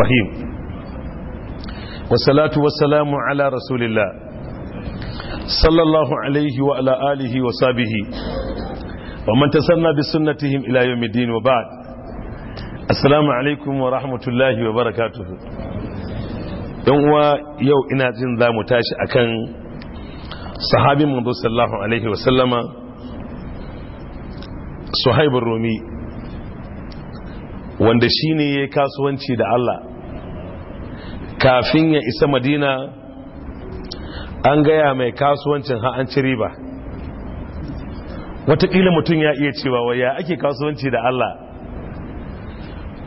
الرحيم والصلاة والسلام على رسول الله صلى الله عليه وعلى آله وصحبه ومن تسنى بسنتهم إلى يوم الدين وبعد السلام عليكم ورحمة الله وبركاته يوم يو إنا جندا متاش أكن صحابي منذ صلى الله عليه وسلم صحيب الرومي wanda shi ne ya kasuwanci da Allah kafin ya isa madina an gaya mai kasuwancin ha'anci riba watakila mutum ya iya cewa waya ake kasuwanci da Allah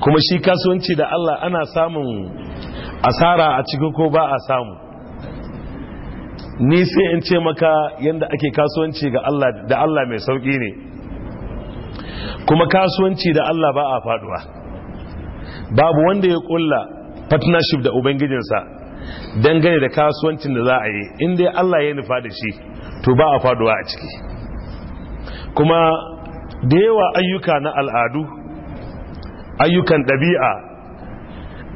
kuma shi kasuwanci da Allah ana samun asara a cikin ko ba a samu ni sai in ce maka yadda ake kasuwanci da Allah mai sauƙi ne kuma kasuwanci da Allah ba a faduwa babu wanda ya ƙulla partnership da ubangijinsa dangane da kasuwancin da za a yi inda Allah ya nufa da shi to ba a faduwa a ciki kuma da yawa ayyuka na al'adu ayyukan ɗabi'a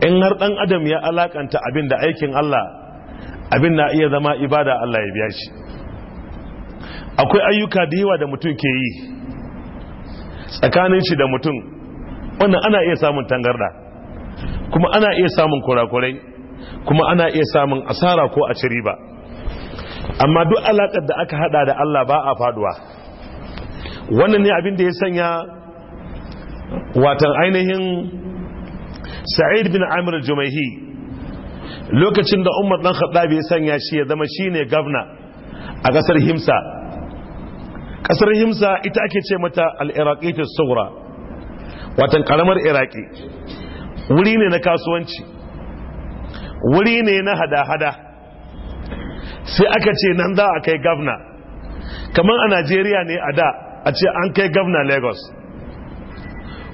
in har ɗan adam ya alakanta abin da aikin Allah abin na iya zama ibada Allah ya biya shi akwai ayyuka da yawa da mutum ke yi tsakanin shi da mutum wannan ana iya samun tangarda kuma ana iya samun kurakurai kuma ana iya samun asara ko a ciri ba amma duk alaƙar da aka hada da Allah ba a faduwa wannan ne abin da ya sanya watan ainihin sa'id bin amir jumaihi lokacin da umar dan khattabi ya sanya shi ya zama shi ne gavna a ƙasar himsa Ƙasar himsa ita ake ce mata al-iraqi ta watan ƙaramar iraki wuri ne na kasuwanci wuri ne na hada-hada sai aka ce nan za a kai gavna kamar a najeriya ne a da a ce an kai gavna lagos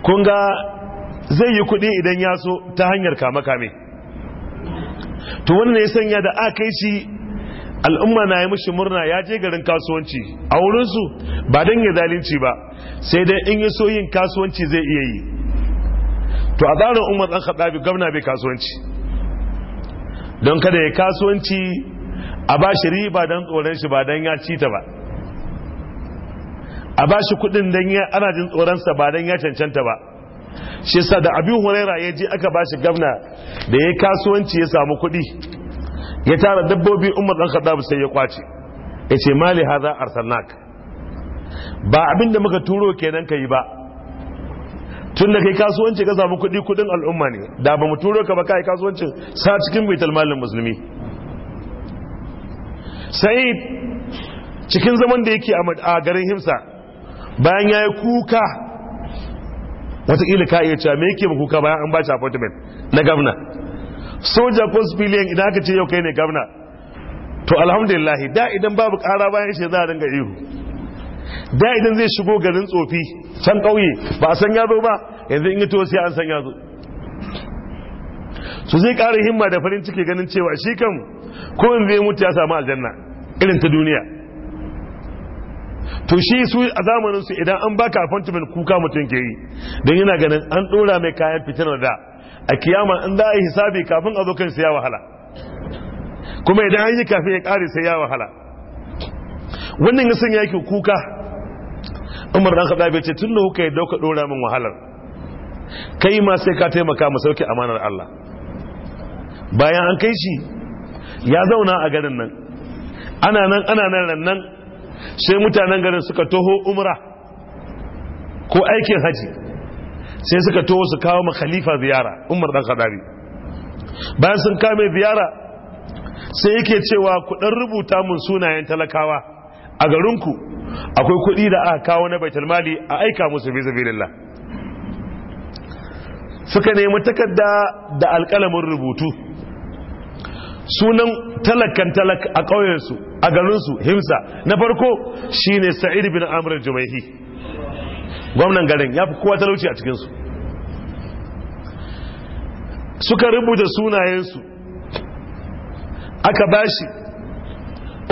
Kunga zai yi kudi idan ya so ta hanyar kame-kame to wannan ya sanya da a kai shi al'umma na yi mashi murna ya je garin kasuwanci a wurinsu ba don yi zalunci ba sai dai in yi so yin kasuwanci zai iya yi to a zarar umar dan khattabi gwamna bai kasuwanci don kada ya kasuwanci a ba shi riba don tsoron shi ba don ya ci ta ba a ba shi kudin don ya ana jin tsoronsa ba don ya cancanta ba shi sa da abin huraira ya je aka ba shi gwamna da ya kasuwanci ya samu kudi ya tara dabbobi umar dan khattabi sai ya kwace ya ce mali haza arsalnak ba abin da muka turo kenan ka yi ba tun da kai kasuwanci ka samu kuɗi kuɗin al'umma ne da ba mu turo ka ba kai kasuwancin sa cikin baitul malin musulmi sai cikin zaman da yake a garin himsa bayan ya yi kuka ila ka iya cewa me yake ba kuka bayan an ba shi appointment na gabna soja ko civilian idan aka ce yau kai ne gabna to alhamdulillah da idan babu kara bayan shi za a dinga ihu da idan zai shigo garin tsofi can ƙauye ba a san yazo ba yanzu in yi tosi an san yazo zo su zai ƙara himma da farin ciki ganin cewa shi kan ko zai mutu ya samu aljanna irin ta duniya to shi su a zamanin su idan an baka appointment kuka mutum ke yi don yana ganin an ɗora mai kayan fitinar da a kiyama in za a yi hisabi kafin a zo kan sai ya wahala kuma idan an yi kafin ya ƙare sai ya wahala wannan ya sanya yake kuka umar dan khattab ce tunda kuka yadda dauka dora min wahalar kai ma sai ka taimaka mu sauke amanar Allah bayan an kai shi ya zauna a garin nan ana nan ana nan nan sai mutanen garin suka toho umra ko aikin haji sai suka toho su kawo ma khalifa ziyara umar dan khattab bayan sun kame ziyara sai yake cewa ku rubuta mun sunayen talakawa a garinku akwai kuɗi da aka kawo na baitul a aika musu fi sabilillah suka nemi takarda da alƙalamin rubutu sunan talakan talak a ƙauyensu a garinsu himsa na farko shine sa'id bin amr jumaihi gwamnan garin ya fi kowa talauci a cikinsu suka rubuta sunayensu aka bashi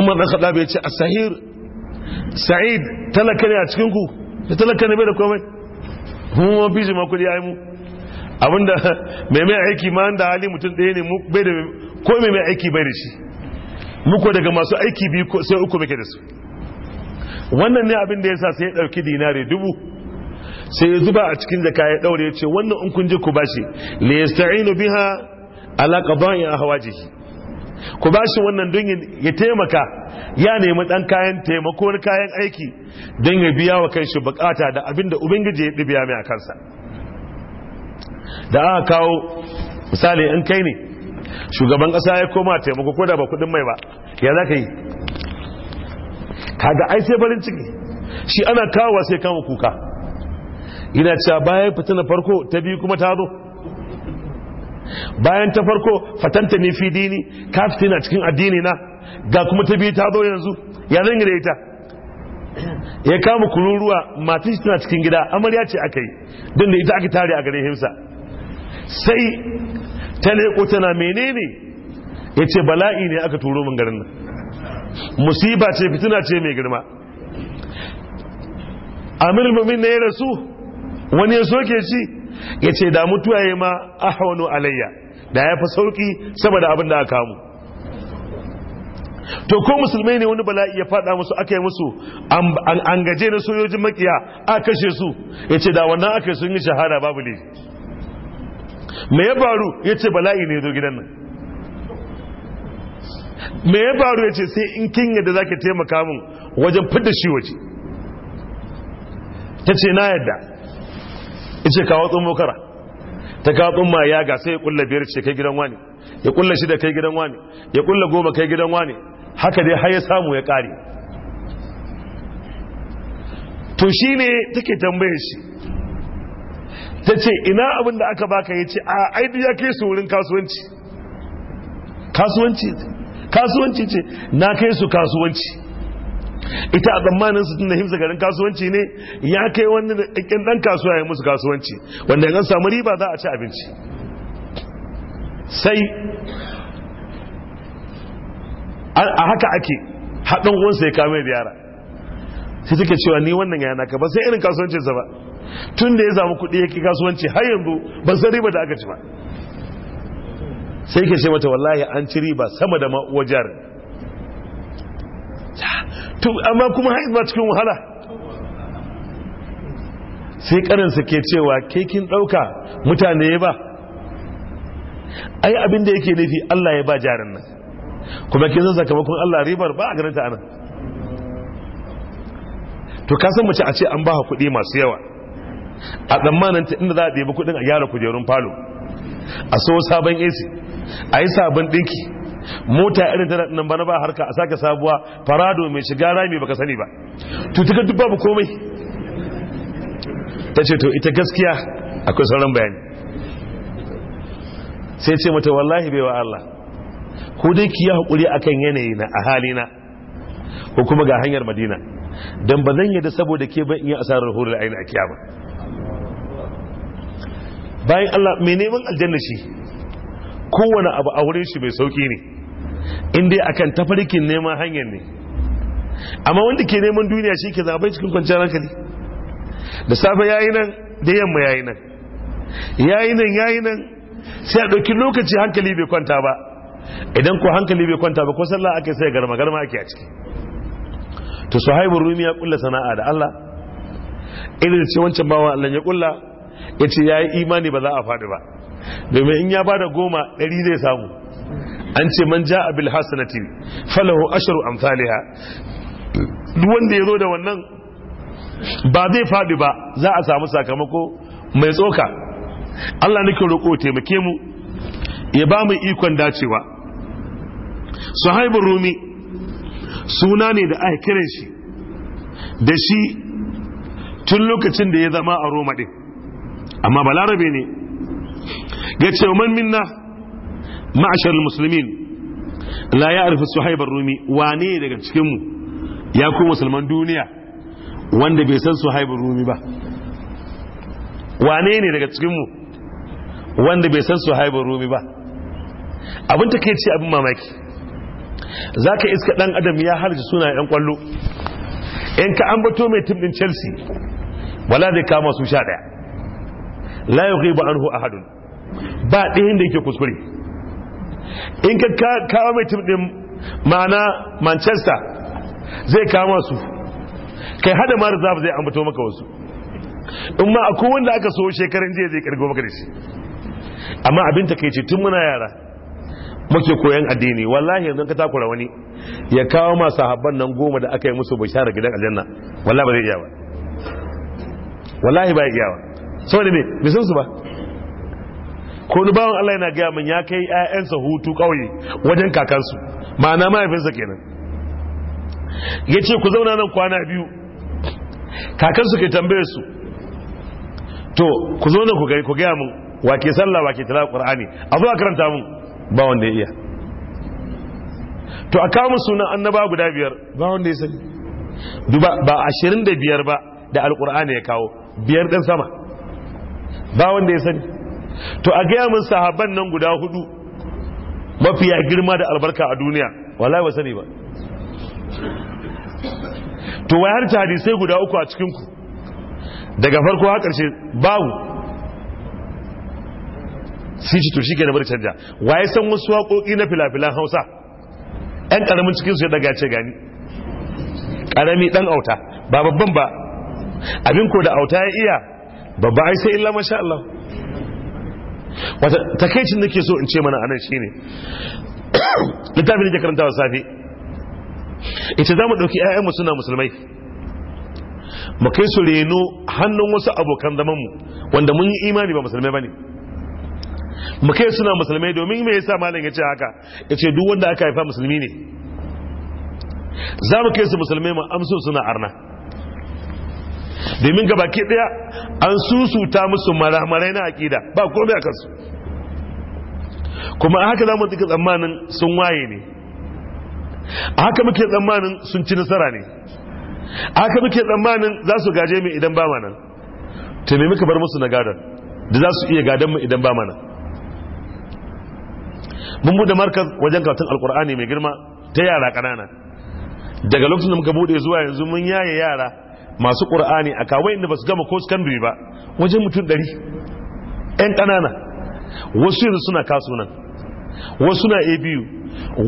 umar na khaɗa bai ce a sahir sa'id talaka ne a cikin ku da talaka ne bai da komai mun mun fi ma kudi ai mu abinda mai mai aiki ma da hali mutum ɗaya ne bai da ko mai mai aiki bai da shi muko daga masu aiki biyu sai uku muke da su wannan ne abin da yasa sai ya dauki dinari dubu sai ya zuba a cikin zaka ya daure ya ce wannan in kun je ku bashi li yasta'inu biha ala qada'i ahwajihi ku ba shi wannan don ya taimaka ya nemi dan kayan taimako na kayan aiki don ya biya wa kanshi bukata da abin da ubangiji ya ɗibiya mai a kansa da aka kawo misali in kai ne shugaban kasa ya koma taimako ko da ba kuɗin mai ba ya za ka yi kaga ai sai farin ciki shi ana kawo sai kama kuka ina cewa bayan fitina farko ta biyu kuma ta zo bayan ta farko fatanta ni fi dini ka fitina cikin addini na ga kuma ta biyu ta zo yanzu ya zan gida ita ya kama kururuwa matan shi tana cikin gida amarya ce aka yi don da ita aka tare a garin himsa sai ta leƙo tana menene ya ce bala'i ne aka turo min garin nan musiba ce fitina ce mai girma amir mumin na ya rasu wani ya soke ci? ya ce da mutuwa ya ma ahwanu alayya da ya fi sauki saboda abin da aka kamu to ko musulmai ne wani bala'i ya fada musu aka yi musu an gaje na sojojin makiya a kashe su ya ce da wannan aka sun yi shahada babu ne me ya faru ya ce bala'i ne zo gidan nan me ya faru ya ce sai in kin yadda za ka taimaka min wajen fidda shi waje ta ce na yadda ce kawo tsummo kara ta kawo tsumma ya ga sai ya kulla biyar ce kai gidan wani ya kulla shida kai gidan wani ya kulla goma kai gidan wani haka dai har ya samu ya kare to shi ne take tambaye shi ta ce ina abin da aka baka ya ce a aidi ya kai su wurin kasuwanci kasuwanci kasuwanci ce na kai su kasuwanci ita a tsammanin su tunda himsa garin kasuwanci ne ya kai wani ɗan dan kasuwa ya musu kasuwanci wanda ya samu riba za a ci abinci sai a haka ake haɗin wansa ya kame da yara sai suke cewa ni wannan ya naka ba sai irin sa ba tun da ya zama kuɗi ke kasuwanci har yanzu ban san riba da aka ci ba sai ke ce mata wallahi an ci riba sama da ma jarin to amma kuma haiz ba cikin wahala sai karinsa ke cewa ke ɗauka mutane ba ai abin da yake nufi Allah ya ba jarin nan kuma ke san sakamakon Allah ribar ba a ganin ta anan to ka mace a ce an ba kuɗi masu yawa a tsammanin ta inda za a ɗebi kuɗin a gyara kujerun falo a so sabon AC a yi sabon ɗinki mota irin ta nan bana ba harka a sake sabuwa farado mai shiga rami baka sani ba tutuka duk babu komai ta ce to ita gaskiya akwai sauran bayani sai ce mata wallahi bai wa Allah ko dai ki yi haƙuri akan yanayi na a halina ko kuma ga hanyar madina Dan ba zan yadda saboda ke ban iya asarar horar ainihin a kiyama bayan Allah mai neman aljanna shi kowane abu a wurin shi mai sauki ne in dai akan tafarkin neman hanyar ne amma wanda ke neman duniya shi ke zaɓai cikin kwanciyar hankali da safe yayi nan da yamma yayi nan yayi nan yayi nan sai a ɗauki lokaci hankali bai kwanta ba idan ko hankali bai kwanta ba ko sallah ake sai garma garma ake a ciki to haibu rumi ya kulla sana'a da Allah irin ce wancan bawan Allah ya kulla ya yi imani ba za a faɗi ba domin in ya bada goma ɗari zai samu an ce man ja abil hasanati falahu asharu amsalha duk wanda ya zo da wannan ba zai faɗi ba za a samu sakamako mai tsoka Allah nake roƙo taimake mu ya ba mu ikon dacewa suhaibun rumi suna ne da aka kiran shi da shi tun lokacin da ya zama a roma ɗin amma balarabe ne ya ce minna ma'ashar musulmin la ya arfi suhaibar rumi wane daga cikinmu ya ku musulman duniya wanda bai san ar rumi ba wane ne daga cikinmu wanda bai san Suhaiba rumi ba abin ta kai ce abin mamaki zaka iska dan adam ya harji suna yan kwallo in ka ambato mai tim din chelsea wala zai kama su sha ɗaya la hu a ahadun ba ɗayan da yake kuskure in ka kawo mai tim din ma'ana Manchester zai kama su kai hada mara rizab zai ambato maka wasu in ma akwai wanda aka so shekaran jiya zai kargo maka da shi amma abin ta kai ce tun muna yara muke koyan addini wallahi yanzu ka takura wani ya kawo ma sahabban nan goma da aka yi musu bishara gidan aljanna wallahi ba zai iya ba wallahi ba iya ba saboda me bai san su ba ko ni bawan Allah yana gaya min ya kai ƴaƴansa hutu ƙauye wajen kakansu ma'ana mahaifinsa kenan ya ce ku zauna nan kwana biyu kakansu ke tambaye su to ku zo nan ku ku gaya min wa ke sallah wa ke tala qur'ani a zuwa a karanta mun ba wanda ya iya to a kawo sunan annaba guda biyar ba wanda ya sani duba ba ashirin da biyar ba da alqur'ani ya kawo biyar ɗan sama ba wanda ya sani to a gaya min sahaban nan guda hudu mafiya girma da albarka a duniya wallahi ba sani ba to wai har hadisai guda uku a cikin ku daga farko har karshe babu sai shi to ke da bar canja waye san wasu waƙoƙi na filafilan Hausa ɗan ƙaramin cikin su ya daga ce gani ƙarami ɗan auta ba babban ba abin ko da auta ya iya babba ai sai illa masha Allah wata takeicin nake so in ce mana anan shine littafin da ke karanta wa safi ita za mu ɗauki ‘ya'yanmu suna musulmai mu kai su reno hannun wasu abokan mu wanda mun yi imani ba musulmai ba ne mu kai suna musulmai domin me yasa malam ya ce haka ya ce duk wanda aka haifa musulmi ne za mu kai su musulmai mu amsu suna arna domin ga baki daya an susuta musu maramarai na akida ba komai a kansu kuma a haka zamu tsika tsammanin sun waye ne a haka muke tsammanin sun ci nasara ne a haka muke tsammanin za su gaje mu idan ba mana to me muka bar musu na gadan da za su iya gadan mu idan ba mana mun bude markaz wajen karatun alkur'ani mai girma ta yara kanana daga lokacin da muka bude zuwa yanzu mun yaye yara masu qur'ani a kawai inda basu gama ko kan ba wajen mutum ɗari yan ƙanana wasu yanzu suna kasu nan wasu na abu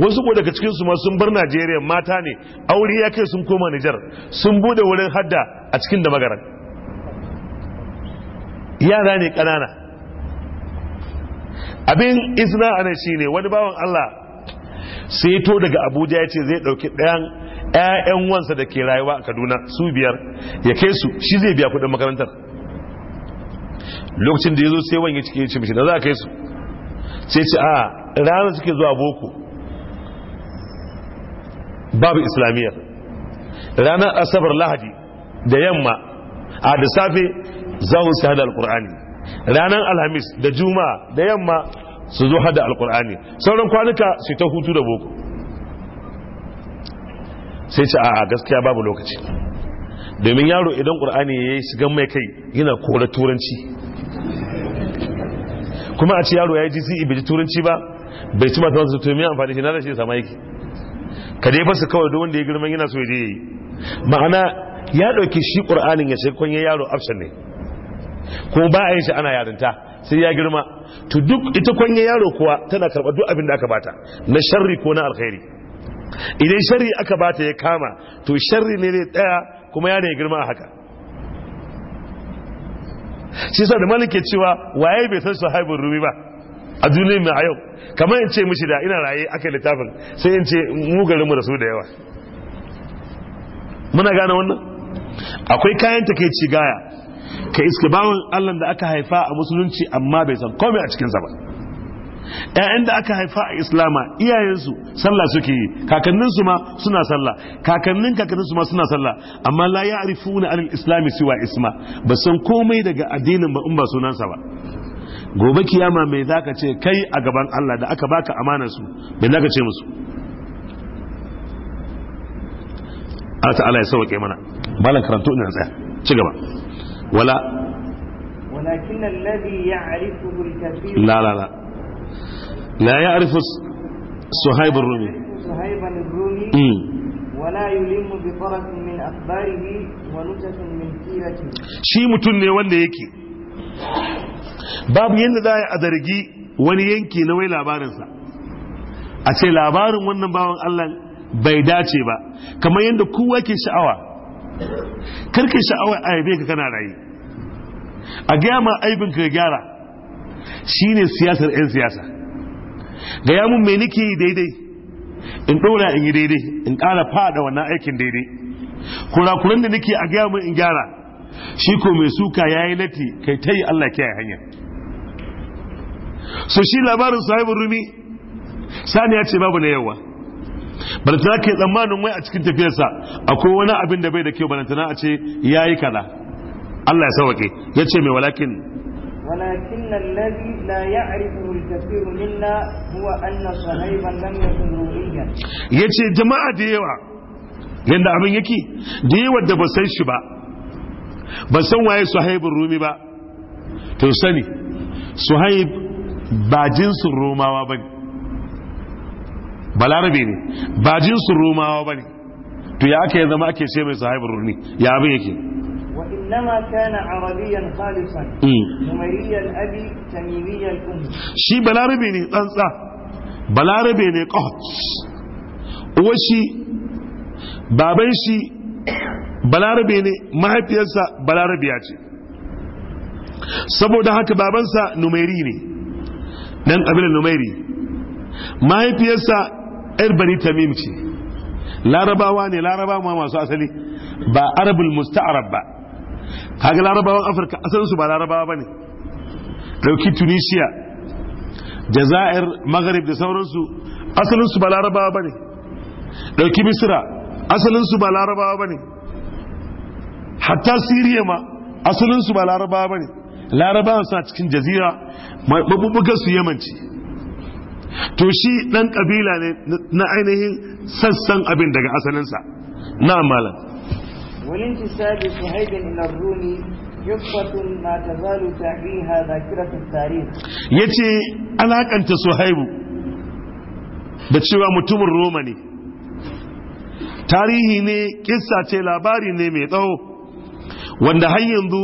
wasu ko daga cikinsu sun bar najeriya mata ne aure ya kai sun koma nijar sun bude wurin hadda a cikin da magaran yara ne ƙanana abin izina a nan shine wani bawan allah sai to daga abuja ya ce zai ɗauki ɗayan 'ya'yan wansa da ke rayuwa a kaduna su biyar ya kai su shi zai biya kudin makarantar lokacin da ya zo sai wani cike ya ce mishi da za a kai su sai ce a ranar suke zuwa boko babu islamiyya ranar asabar lahadi da yamma a da safe za su hada alkur'ani ranar alhamis da juma'a da yamma su zo hada alkur'ani sauran kwanuka su ta hutu da boko sai ce a gaskiya babu lokaci domin yaro idan qur'ani yi shigan mai kai yana kora turanci kuma a ce yaro yayi GCE bai ji turanci ba bai ci mata masu to amfani shi na da shi sama yake ka dai fasa kawai duk wanda ya girman yana so ya yi ma'ana ya dauki shi qur'anin ya sai ya yaro option ne ko ba a yi shi ana yarinta sai ya girma to duk ita kwanye yaro kuwa tana karɓar duk abin da aka bata na sharri ko na alkhairi idan shari aka ba ta ya kama to shari ne zai tsaya kuma ya ne girma a haka shi sa da malike cewa waye bai san su sahibin rumi ba a duniya mai a yau kamar in ce mishi da ina raye aka yi littafin sai in ce mugarin mu da su da yawa muna gane wannan akwai kayan takeici gaya ka iske bawon allah da aka haifa a musulunci amma bai san komai a cikinsa ba ƴaƴan da aka haifa a islama iyayensu sallah suke yi kakanninsu ma suna sallah kakannin kakanninsu ma suna sallah amma la ya'rifuna anil islami siwa isma ba san komai daga addinin ba in ba sunansa ba gobe kiyama mai zaka ce kai a gaban Allah da aka baka amanar su za zaka ce musu Allah ta'ala ya sauke mana malan karanto ina tsaya ci gaba wala ولكن الذي يعرفه الكثير لا لا لا لا يعرف arifu الرومي rumi الرومي shi mutum ne wanda yake babu yadda za a zargi wani yanki na wai labarinsa a ce labarin wannan bawan Allah bai dace ba kamar yadda kowa ke sha'awa karke sha'awa a yabe ka kana rayu a gaya ma aibin ka gyara shine siyasar 'yan siyasa Gaya mun me nake yi daidai in ɗora in yi daidai in ƙara fada wannan aikin daidai kurakuran da nake a gaya mun in gyara shi ko mai suka ya yi lati kai ta yi Allah kiyaye hanya so shi labarin sahibin rumi sani ya ce babu na yawa balantana ke tsammanin wai a cikin tafiyarsa akwai wani abin da bai da kyau balantana a ce ya yi kaza Allah ya sawake ya ce mai walakin ولكن الذي لا يعرفه الكثير منا هو أن صهيبا لم يكن روحيا يجي جماعة ديوة yadda abin yake da yi wadda ba san shi ba ba san waye Suhaibun rumi ba to sani suhaib ba jinsin romawa ba ne balarabe ne ba jinsin romawa ba ne to ya aka yi zama ake ce mai Suhaibun rumi ya abin yake وإنما كان عربيا خالصا نمري الأب تميمي الأم Shi بلاربي ني تنسا بلاربي ني قهط وشي baban shi balarabe ne mahaifiyarsa ya ce saboda haka babansa Numeri ne dan kabilar Numeri, mahaifiyarsa yar bani tamim ce larabawa ne larabawa masu asali ba arabul musta'arab ba kaga larabawan afirka asalin su ba larabawa bane dauki tunisia jazair maghrib da sauransu asalin ba larabawa bane dauki misra asalin su ba larabawa bane hatta siriya ma asalin su ba larabawa bane larabawa suna cikin jazira mabubugar su yamanci to shi dan kabila ne na ainihin sassan abin daga asalinsa na malam والانتساب صهيب إلى الرومي yace ما تزال تعيها ذاكرة التاريخ يتي أنا da cewa mutumin Roma ne tarihi ne kissa ce labari ne mai tsawo wanda har yanzu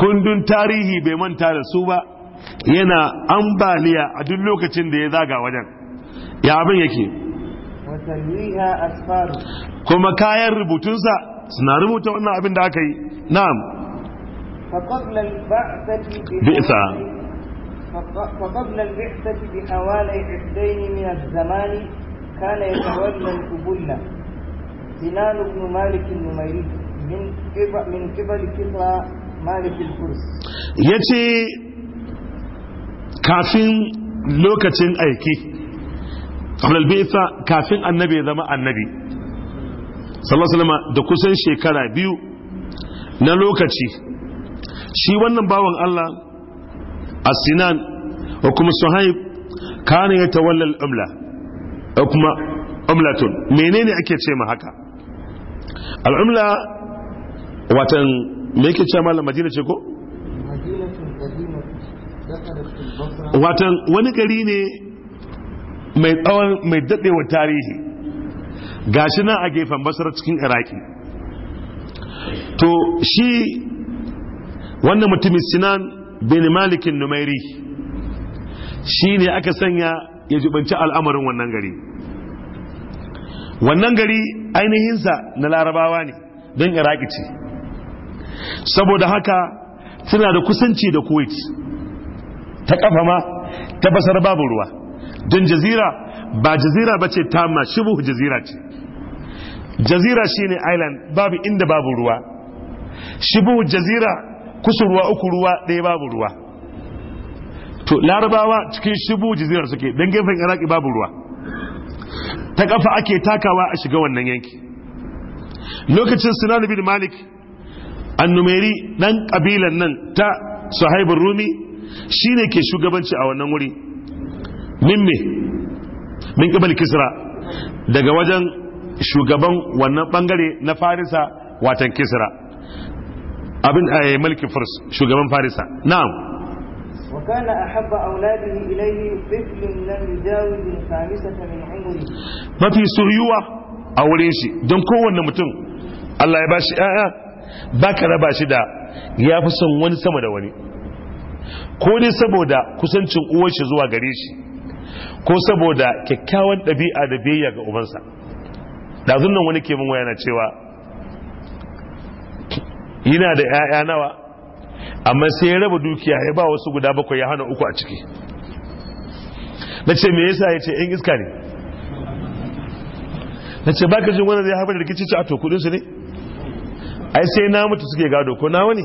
kundin tarihi bai manta da su ba yana ambaliya a duk lokacin da ya zaga wajen ya abin yake kuma kayan rubutunsa suna rubuta wannan abin da aka yi na'am bi'sa فقبل البعثة بحوالي عقدين من الزمان كان يتولى القبلة بلال بن مالك النميري من قبل من قبل كسرى مالك الفرس يتي كافين لوكتين أيكي قبل البعثة كافين النبي ذا النبي sallallahu da kusan shekara biyu na lokaci shi wannan bawan Allah as-sinan wa kuma suhaib kana ya al umla wa kuma umlatun menene ake ce ma haka al-umla watan me yake ce malam madina ce ko watan wani gari ne mai tsawon mai dadewa tarihi Ga shi nan a gefen basar cikin iraki to shi wannan mutumin sinan bin malikin numairi shi ne aka sanya ya jubanci al'amarin wannan gari wannan gari ainihinsa na larabawa ne don iraki ce saboda haka suna da kusanci da kuwait ta kafa ma ta basar babu ruwa don jazira ba jazira ba ce ta ma shibu jazira ce jazira shine island babu inda babu ruwa shibu jazira ruwa uku ruwa ɗaya babu ruwa to larabawa cikin shibu jazira suke don gefen iraki babu ruwa ta kafa ake takawa a shiga wannan yanki lokacin sinan bin malik annumeri dan ƙabilan nan ta suhaibun rumi shine ke shugabanci a wannan wuri min me min kisra daga wajen shugaban wannan bangare na farisa watan kisra abin a eh, mulkin furs shugaban farisa na'am وكان أحب أولاده إليه طفل لم يجاوز الخامسة من عمره ما في سهيوة أولين شيء دون كون متن الله يباشي ba ka raba shi da ya fi son wani sama da wani ko ne saboda kusancin uwar shi zuwa gare shi ko saboda kyakkyawan ɗabi'a da biyayya ga ubansa ɗazun nan wani ke mun waya na cewa yana da 'ya'ya nawa amma sai ya raba dukiya ya ba wasu guda bakwai ya hana uku a ciki na ce me yasa yace ce yan iska ne na ce baka jin wani zai haifar da rikici a to kudinsu ne ai sai na mutu suke gado ko na wani?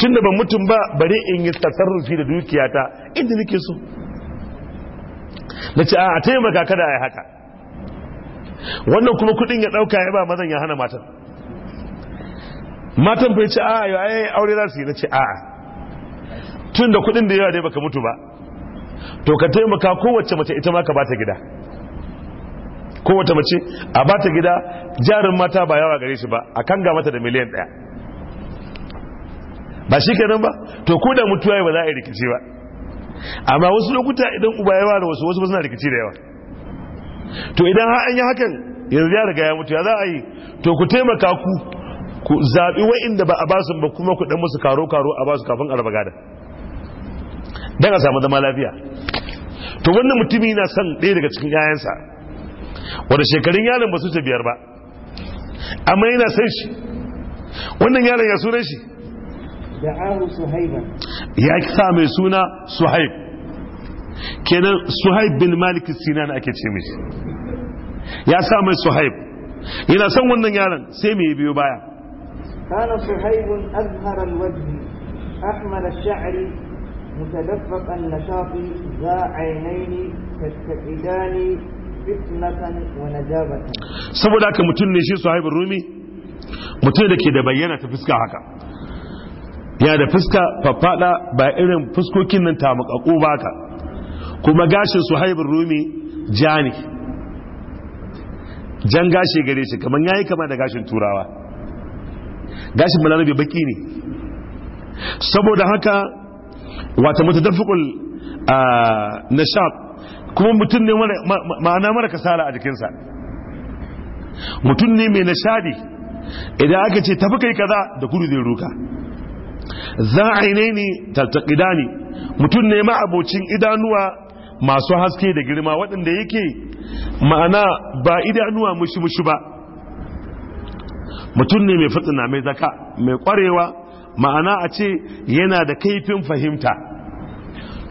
tun da ban mutum ba bari in yi tasarrufi da dukiyata inda nake so na ce a taimaka kada a haka wannan kuma kudin ya dauka ya ba mazan ya hana matan matan bai ce a yau yi aure za su yi na ce a tun da kudin da yawa dai baka mutu ba to ka taimaka kowace mace ita ma ka bata gida kowace mace a bata gida jarin mata ba yawa gare shi ba a kan ga mata da miliyan daya ba shi kenan ba to ko da mutuwa ba za a yi rikici ba amma wasu lokuta idan uba ya ware wasu wasu ba suna rikici da yawa to idan ha an yi hakan yanzu ya riga ya mutu ya za a yi to ku taimaka ku ku zaɓi wa'inda ba a basu ba kuma ku ɗan musu karo-karo a basu kafin a raba da. don a samu zama lafiya to wannan mutumi yana son ɗaya daga cikin 'ya'yansa wanda shekarun yaron ba su ce biyar ba amma yana son shi wannan yaron ya sunan shi ya sa mai suna suhaib kenan suhaib bin malik sinan ake ce mishi ya sa mai suhaib yana son wannan yaron sai mai biyo baya kana suhaibun azhar alwajhi ahmal ash mutadaffaqan nashati za aynaini عينين fitnatan wa najabatan saboda haka mutum ne shi suhaibun rumi mutum da ke da bayyana ta fuska haka ya da fuska faffada ba irin fuskokin nan ta makakku ba ka kuma gashin suhaibin rumi ja ne jan gashi gare shi kamar yi kama da gashin turawa gashin balarabe baki ne saboda haka wata na shaf kuma mutum ne ma'ana mara kasala a jikinsa mutum ne mai nishadi idan aka ce tafi kai kaza da kudu zai ruka za a yi ne ne taltaƙida ne mutum ne ma abocin idanuwa masu haske da girma waɗanda yake ma'ana ba idanuwa mushi-mushi ba mutum ne mai fitina mai zaka mai ƙwarewa ma'ana a ce yana da kaifin fahimta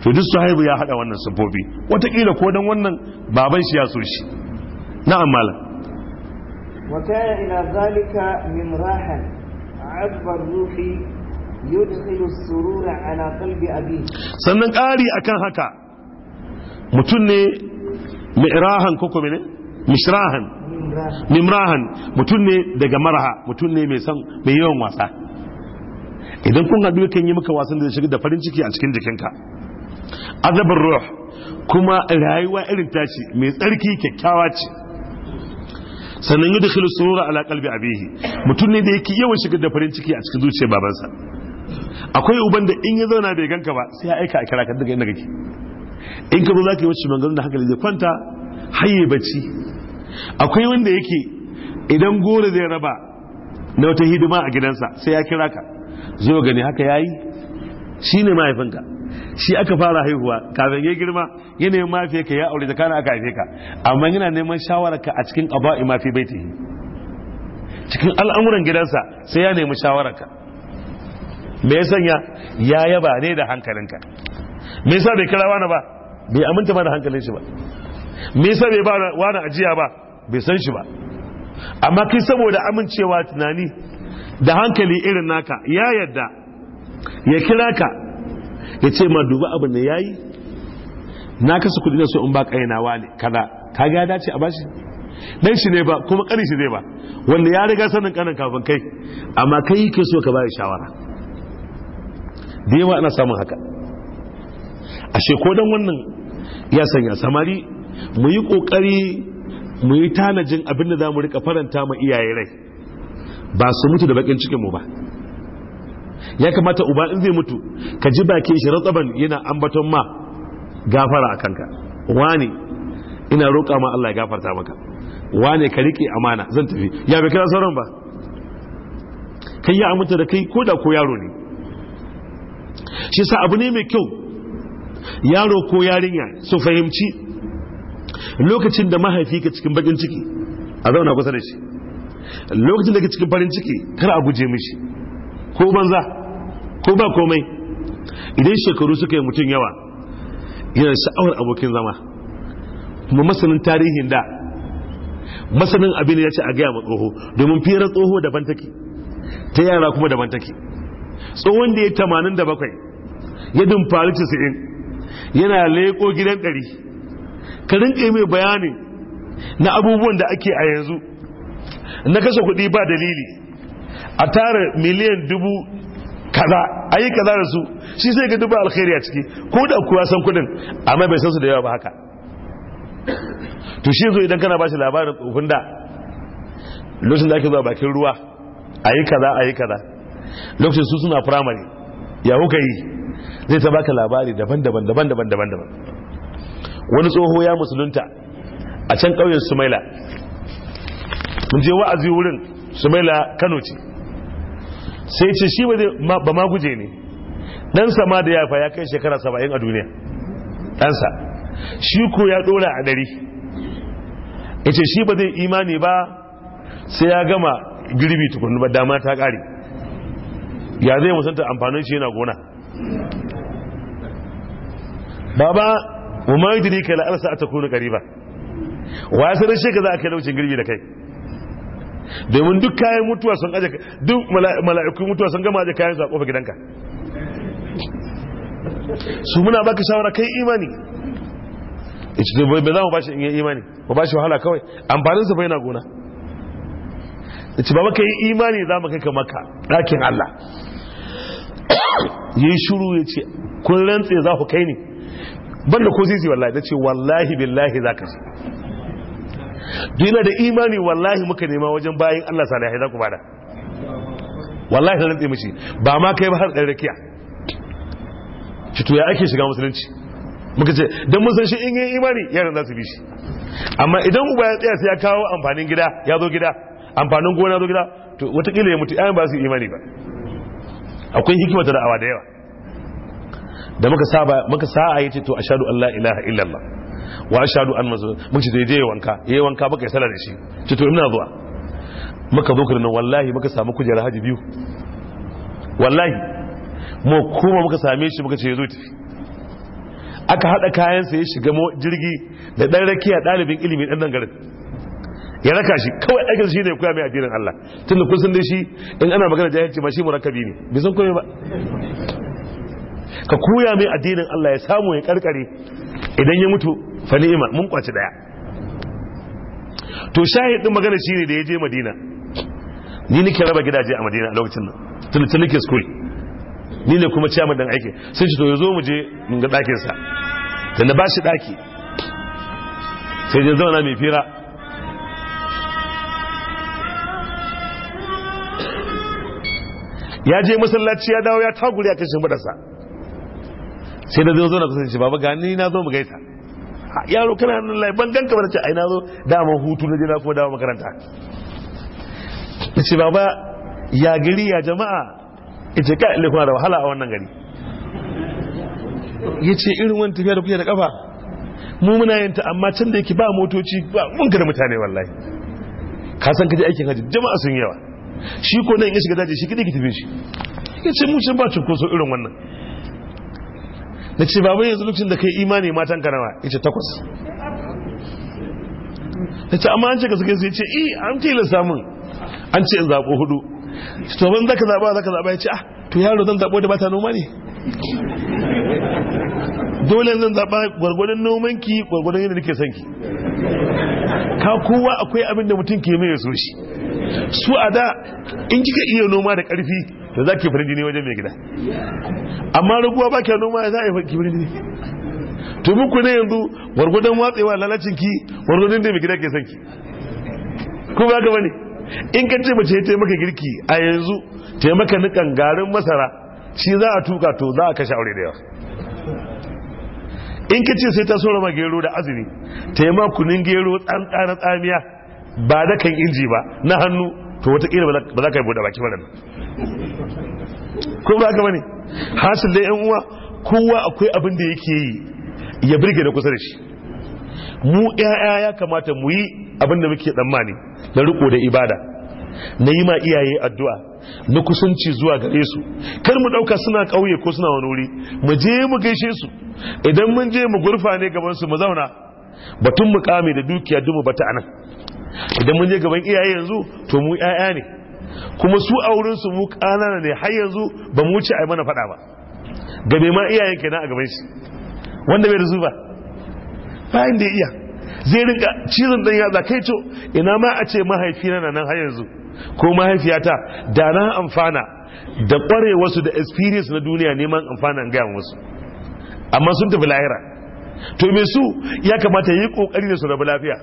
to duk sahibu ya haɗa wannan sabobi watakila ko don wannan baban shi ya so shi na'am malam وكان zalika min rahan عذب ruhi يدخل السرور ala qalbi abi sannan ƙari akan haka mutum ne mi'rahan koko ne mishrahan mimrahan mutum ne daga maraha mutum ne mai san mai yawan wasa idan kun haɗu yakan yi maka wasan da zai shiga da farin ciki a cikin jikinka azabar ruh kuma rayuwa irin tashi mai tsarki kyakkyawa ce sannan yi da khilisura ala kalbi abihi mutum ne da yake yawan shiga da farin ciki a cikin zuciyar babansa akwai uban da in ya zauna bai ganka ba sai ya aika a kira ka daga inda kake in ka zo za ka yi wacce maganganu da hankali zai kwanta haye bacci akwai wanda yake idan goro zai raba na wata hidima a gidansa sai ya kira ka wa gani haka yayi shi ne mahaifinka shi aka fara haihuwa kafin ya girma yanayin mafiya ka ya aure da kana aka haife ka amma yana neman shawararka a cikin aba'i mafi baiti cikin al'amuran gidansa sai ya nemi shawararka me ya sanya ya yaba ne da hankalinka me yasa bai kira wani ba bai aminta ba da hankalin shi ba me yasa bai ba wani ajiya ba bai san shi ba amma kai saboda amincewa tunani da hankali irin naka ya yadda ya kira ka ya ce ma duba abin da yayi na kasa kudi na so in ba kaina wale Kada ka ga dace a bashi dan shi ne ba kuma kanin shi ne ba wanda ya riga sanin kanin kafin kai amma kai ke so ka ba shawara da yawa ana samun haka ashe ko dan wannan ya sanya samari mu yi kokari mu yi tanajin abin da za mu rika faranta ma iyaye rai ba su mutu da bakin cikin mu ba ya kamata uba in zai mutu ka ji bakin shi ratsaban yana ambaton ma gafara a kanka wani ina roƙa ma Allah ya gafarta maka wani ka rike amana zan tafi ya bai kira sauran ba kai ya aminta da kai ko da ko yaro ne shi sa abu ne mai kyau yaro ko yarinya su fahimci lokacin da mahaifi ka cikin bakin ciki a zauna kusa da shi lokacin da ke cikin farin ciki kar a guje mishi ko banza ko ba komai idan shekaru suka yi mutum yawa yana sha'awar abokin zama kuma masanin tarihin da masanin abin ya ce a gaya ma tsoho domin firar tsoho daban take ta yara kuma daban take tsohon da ya tamanin da bakwai ya dumfari casa'in yana leko gidan ɗari ka ƙaimai mai bayani na abubuwan da ake a yanzu na kashe kuɗi ba dalili a tara miliyan dubu kaza a yi kaza da su shi sai ga dubu alkhairi a ciki ko da kuwa san kuɗin amma bai san su da yawa ba haka to shi zo idan kana ba shi labarin tsofin da lokacin da ake zuwa bakin ruwa a yi kaza a yi kaza lokacin su suna firamare ya yi zai ta baka labari daban-daban daban-daban daban-daban wani tsoho ya musulunta a can ƙauyen sumaila mun je wa'azi wurin sumaila kano ce sai ce shi ba ma guje ne dan sama da yafa ya kai shekara saba'in a duniya ɗansa shi ko ya ɗora a ɗari ya shi ba zai imani ba sai ya gama girbi tukunu ba dama ta ƙare ya zai musanta amfanin shi yana gona baba umma ma yudri ka la arsa atakunu qariba wa ya sanar shi ka za a kai laucin girbi da kai domin duk kayan mutuwa sun aje duk mala'ikun mutuwa sun gama aje kayan su a kofar gidanka su muna baka shawara kai imani ita da bai za mu bashi in yi imani ba bashi wahala kawai amfanin sa bai na gona ita ba maka yi imani za mu kai ka maka ɗakin Allah yi shuru ya ce kun rantse za ku kai ne ban da ko zizi wallahi ta ce wallahi billahi za ka ji dina da imani wallahi muka nema wajen bayan Allah salihai za ku bada wallahi ta rantse mishi ba ma kai ba har dan rakiya cito ya ake shiga musulunci muka ce don mun san shi in yi imani yaran za su bi shi amma idan uba ya tsaya sai ya kawo amfanin gida ya zo gida amfanin gona zo gida to watakila ya mutu ayan ba su imani ba akwai hikimata da'awa da yawa da muka saba muka sa'a yace to ashhadu an la ilaha illallah wa ashhadu an muhammadu muka ce je wanka yayi wanka baka sallar da shi ce to ina zuwa muka zo kirnin wallahi muka samu kujerar haji biyu wallahi mu kuma muka same shi muka ce ya tafi aka hada kayan sa ya shiga jirgi da dan rakiya dalibin ilimi dan nan garin ya raka shi kawai aikin shi ne koya mai addinin Allah tunda kun san dai shi in ana magana jahilci ma shi murakkabi ne bai san ba ka koya mai addinin Allah ya samu ya karkare idan ya mutu fa ni'ima mun kwaci daya to shahidin magana shine da ya je Madina ni nake raba gidaje a Madina a lokacin nan tun tun nake school ni ne kuma chairman dan aiki sai ce to yazo mu je mun ga dakin sa da bashi daki sai je zauna mai fira ya je masallaci ya dawo ya tagure a kashin badarsa sai da zai zo na kusa shi baba gani na zo mu gaita yaro kana nan lai ban ganka ba ce ai na zo Da dama hutu na je na kuma da makaranta shi baba ya gari ya jama'a yace kai Allah kuma da wahala a wannan gari yace irin wani tafiya da kuke da kafa mu muna yin ta amma can da yake ba motoci ba mun gari mutane wallahi ka san kaje aikin haji jama'a sun yawa shi ko nan in shiga daji shi kidi ki tafi shi yace mu shin ba cunkoso irin wannan na ce babu yanzu lokacin da kai imani matan ka ya ce takwas na ce amma an ce ka suke su ce i eh, an tilasta samun. an ce in zaɓo hudu to ban zaka zaɓa zaka ya yace ah to yaro zan zaɓo da bata noma ne dole zan zaɓa gwargwadon noman ki gwargwadon yadda nake son ki ka kowa akwai abin da mutum ke mai so shi su a da in kika iya noma da ƙarfi. to za ki farin jini wajen mai gida amma raguwa ba ki noma za a yi ki farin to muku ne yanzu wargudan watsewa lalacin ki wargudan da mai gida ke son ki ko ba ka ne in ka ce mace ya taimaka girki a yanzu taimaka nukan garin masara shi za a tuka to za a kashe aure da yawa in ka ce sai ta sora ma gero da azumi ta yi kunin gero tsantsana tsamiya ba da kan inji ba na hannu to wataƙila ba za ka yi bude baki waɗannan ko ba ga bane hasil da yan uwa kowa akwai abin da yake yi ya birge da kusa da shi mu ƴaƴa ya kamata mu yi abin da muke tsammani na riko da ibada na yi ma iyaye addu'a na kusanci zuwa gare su kar mu ɗauka suna ƙauye ko suna wani wuri mu je mu gaishe su idan mun je mu gurfa ne gaban su mu zauna batun mukami da dukiya dumu bata anan idan mun je gaban iyaye yanzu to mu ƴaƴa ne kuma su a wurin su mu kanana ne har yanzu ba mu wuce a mana faɗa ba gabe ma iyayen kenan a gaban shi wanda bai rizu ba bayan da ya iya zai rinka cizon dan yatsa kai to ina ma a ce mahaifina na nan har yanzu ko mahaifiyata da na amfana da kware wasu da experience na duniya neman amfana ga wasu amma sun tafi lahira to me su ya kamata yi kokari da su rabu lafiya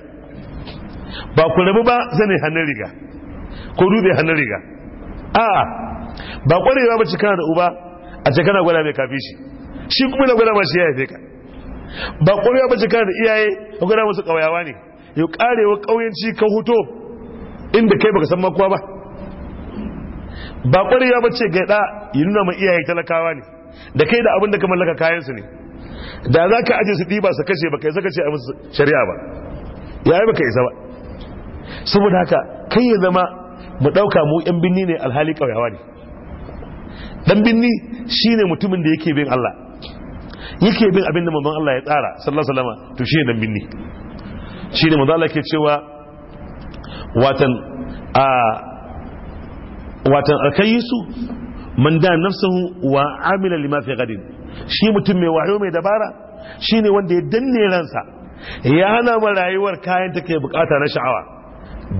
ba ku rabu ba zane hannun riga ko dube hannun riga a ba kwarewa ba kana da uba a ce kana gwada mai kafi shi shi kuma na gwada masu yaya ka ba kwarewa ba kana da iyaye a gwada masu kawayawa ne yau karewa kauyanci ka hoto. inda kai baka san makuwa ba ba kwarewa ba ce ga da yi nuna ma iyaye talakawa ne da kai da abin da ka mallaka kayansu ne da za ka aje su ɗiba su kashe ba kai zaka ce a musu shari'a ba ya yi baka isa ba saboda haka kai ya zama mu ɗauka mu ‘yan binni ne alhali ƙauyawa ne dan binni shine mutumin da yake bin Allah yake bin abin da manzon Allah ya tsara sallallahu alaihi wasallam to shine dan binni shine manzon Allah ke cewa watan a watan alkayisu man da nafsuhu wa amila lima fi gadin shi mutum mai wayo mai dabara shine wanda ya danne ransa ya hana ma rayuwar kayan take bukata na sha'awa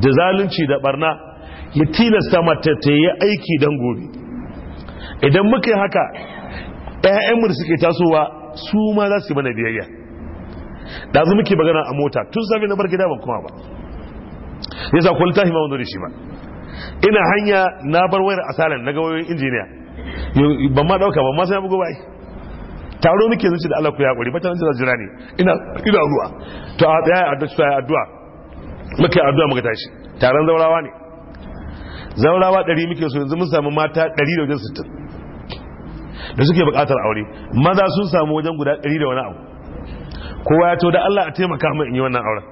da zalunci da barna ya tilasta mata ta yi aiki don gobe idan muka haka ‘ya'yanmu da suke tasowa su ma za su yi mana biyayya da zama muke magana a mota tun safi na bar gida ban kuma ba ya sa kwalita hima wani shi ba ina hanya na bar wayar asalin na gawayoyin injiniya ban ma dauka ban ma sai bugu bai taro muke zuci da Allah ku ya kuri batan jira jira ne ina ina ruwa to a tsaya a addu'a addu'a muke addu'a muka tashi taron zaurawa ne zaurawa ɗari muke so yanzu mun samu mata ɗari da wajen sittin da suke buƙatar aure maza sun samu wajen guda ɗari da wani abu kowa ya to da Allah a taimaka min in yi wannan auren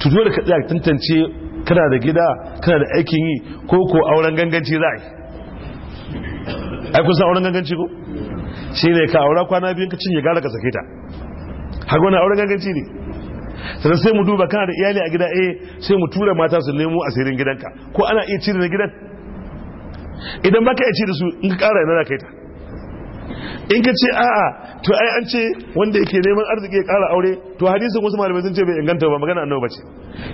tuzo da ka tsaya tantance kana da gida kana da aikin yi ko ko auren ganganci za a yi ai kun san auren ganganci ko shi ne ka aura kwana biyun ka cinye gara ka sake ta har wani auren ganganci ne sannan sai mu duba kana da iyali a gida eh sai mu tura mata su nemo asirin gidanka ko ana iya cire na gidan idan baka iya cire su in ka kara yana kai ta in ka ce a'a to ai an ce wanda yake neman arziki ya kara aure to hadisin wasu malamai sun ce bai inganta ba magana annabi bace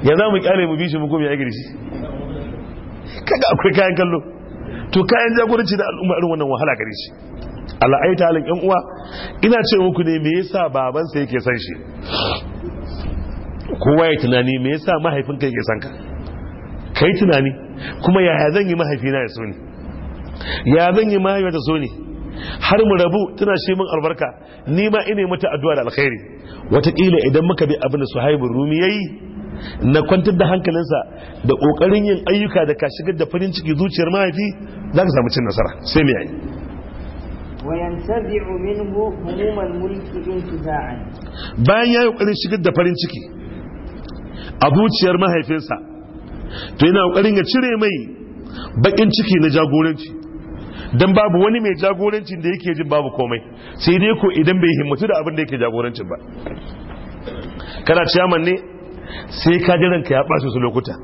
ya za mu kyale mu bi shi mu gobe ya girshi kaga akwai kayan kallo to kayan jagoranci da al'umma irin wannan wahala gare shi Allah ai talin yan uwa ina ce muku ne me yasa baban sa yake san shi kowa ya tunani me yasa mahaifinka yake son ka kai tunani kuma yaya zan yi mahaifina ya so ni ya zan yi mahaifa ta so har mu rabu tana shi min albarka ni ma ina mata addu'a da alkhairi wataƙila idan muka bi abin da suhaibun rumi yayi na kwantar da hankalinsa da ƙoƙarin yin ayyuka da ka shigar da farin ciki zuciyar mahaifi za ka samu cin nasara sai mu yayi وينتزع bayan ya yi ƙoƙarin shigar da farin ciki a zuciyar mahaifinsa to yana kokarin ya cire mai bakin ciki na jagoranci Don babu wani mai jagoranci da yake jin babu komai sai dai ko idan bai himmatu da abin da yake jagorancin ba kana ciyaman ne sai ka ji ranka ya ɓaci su lokuta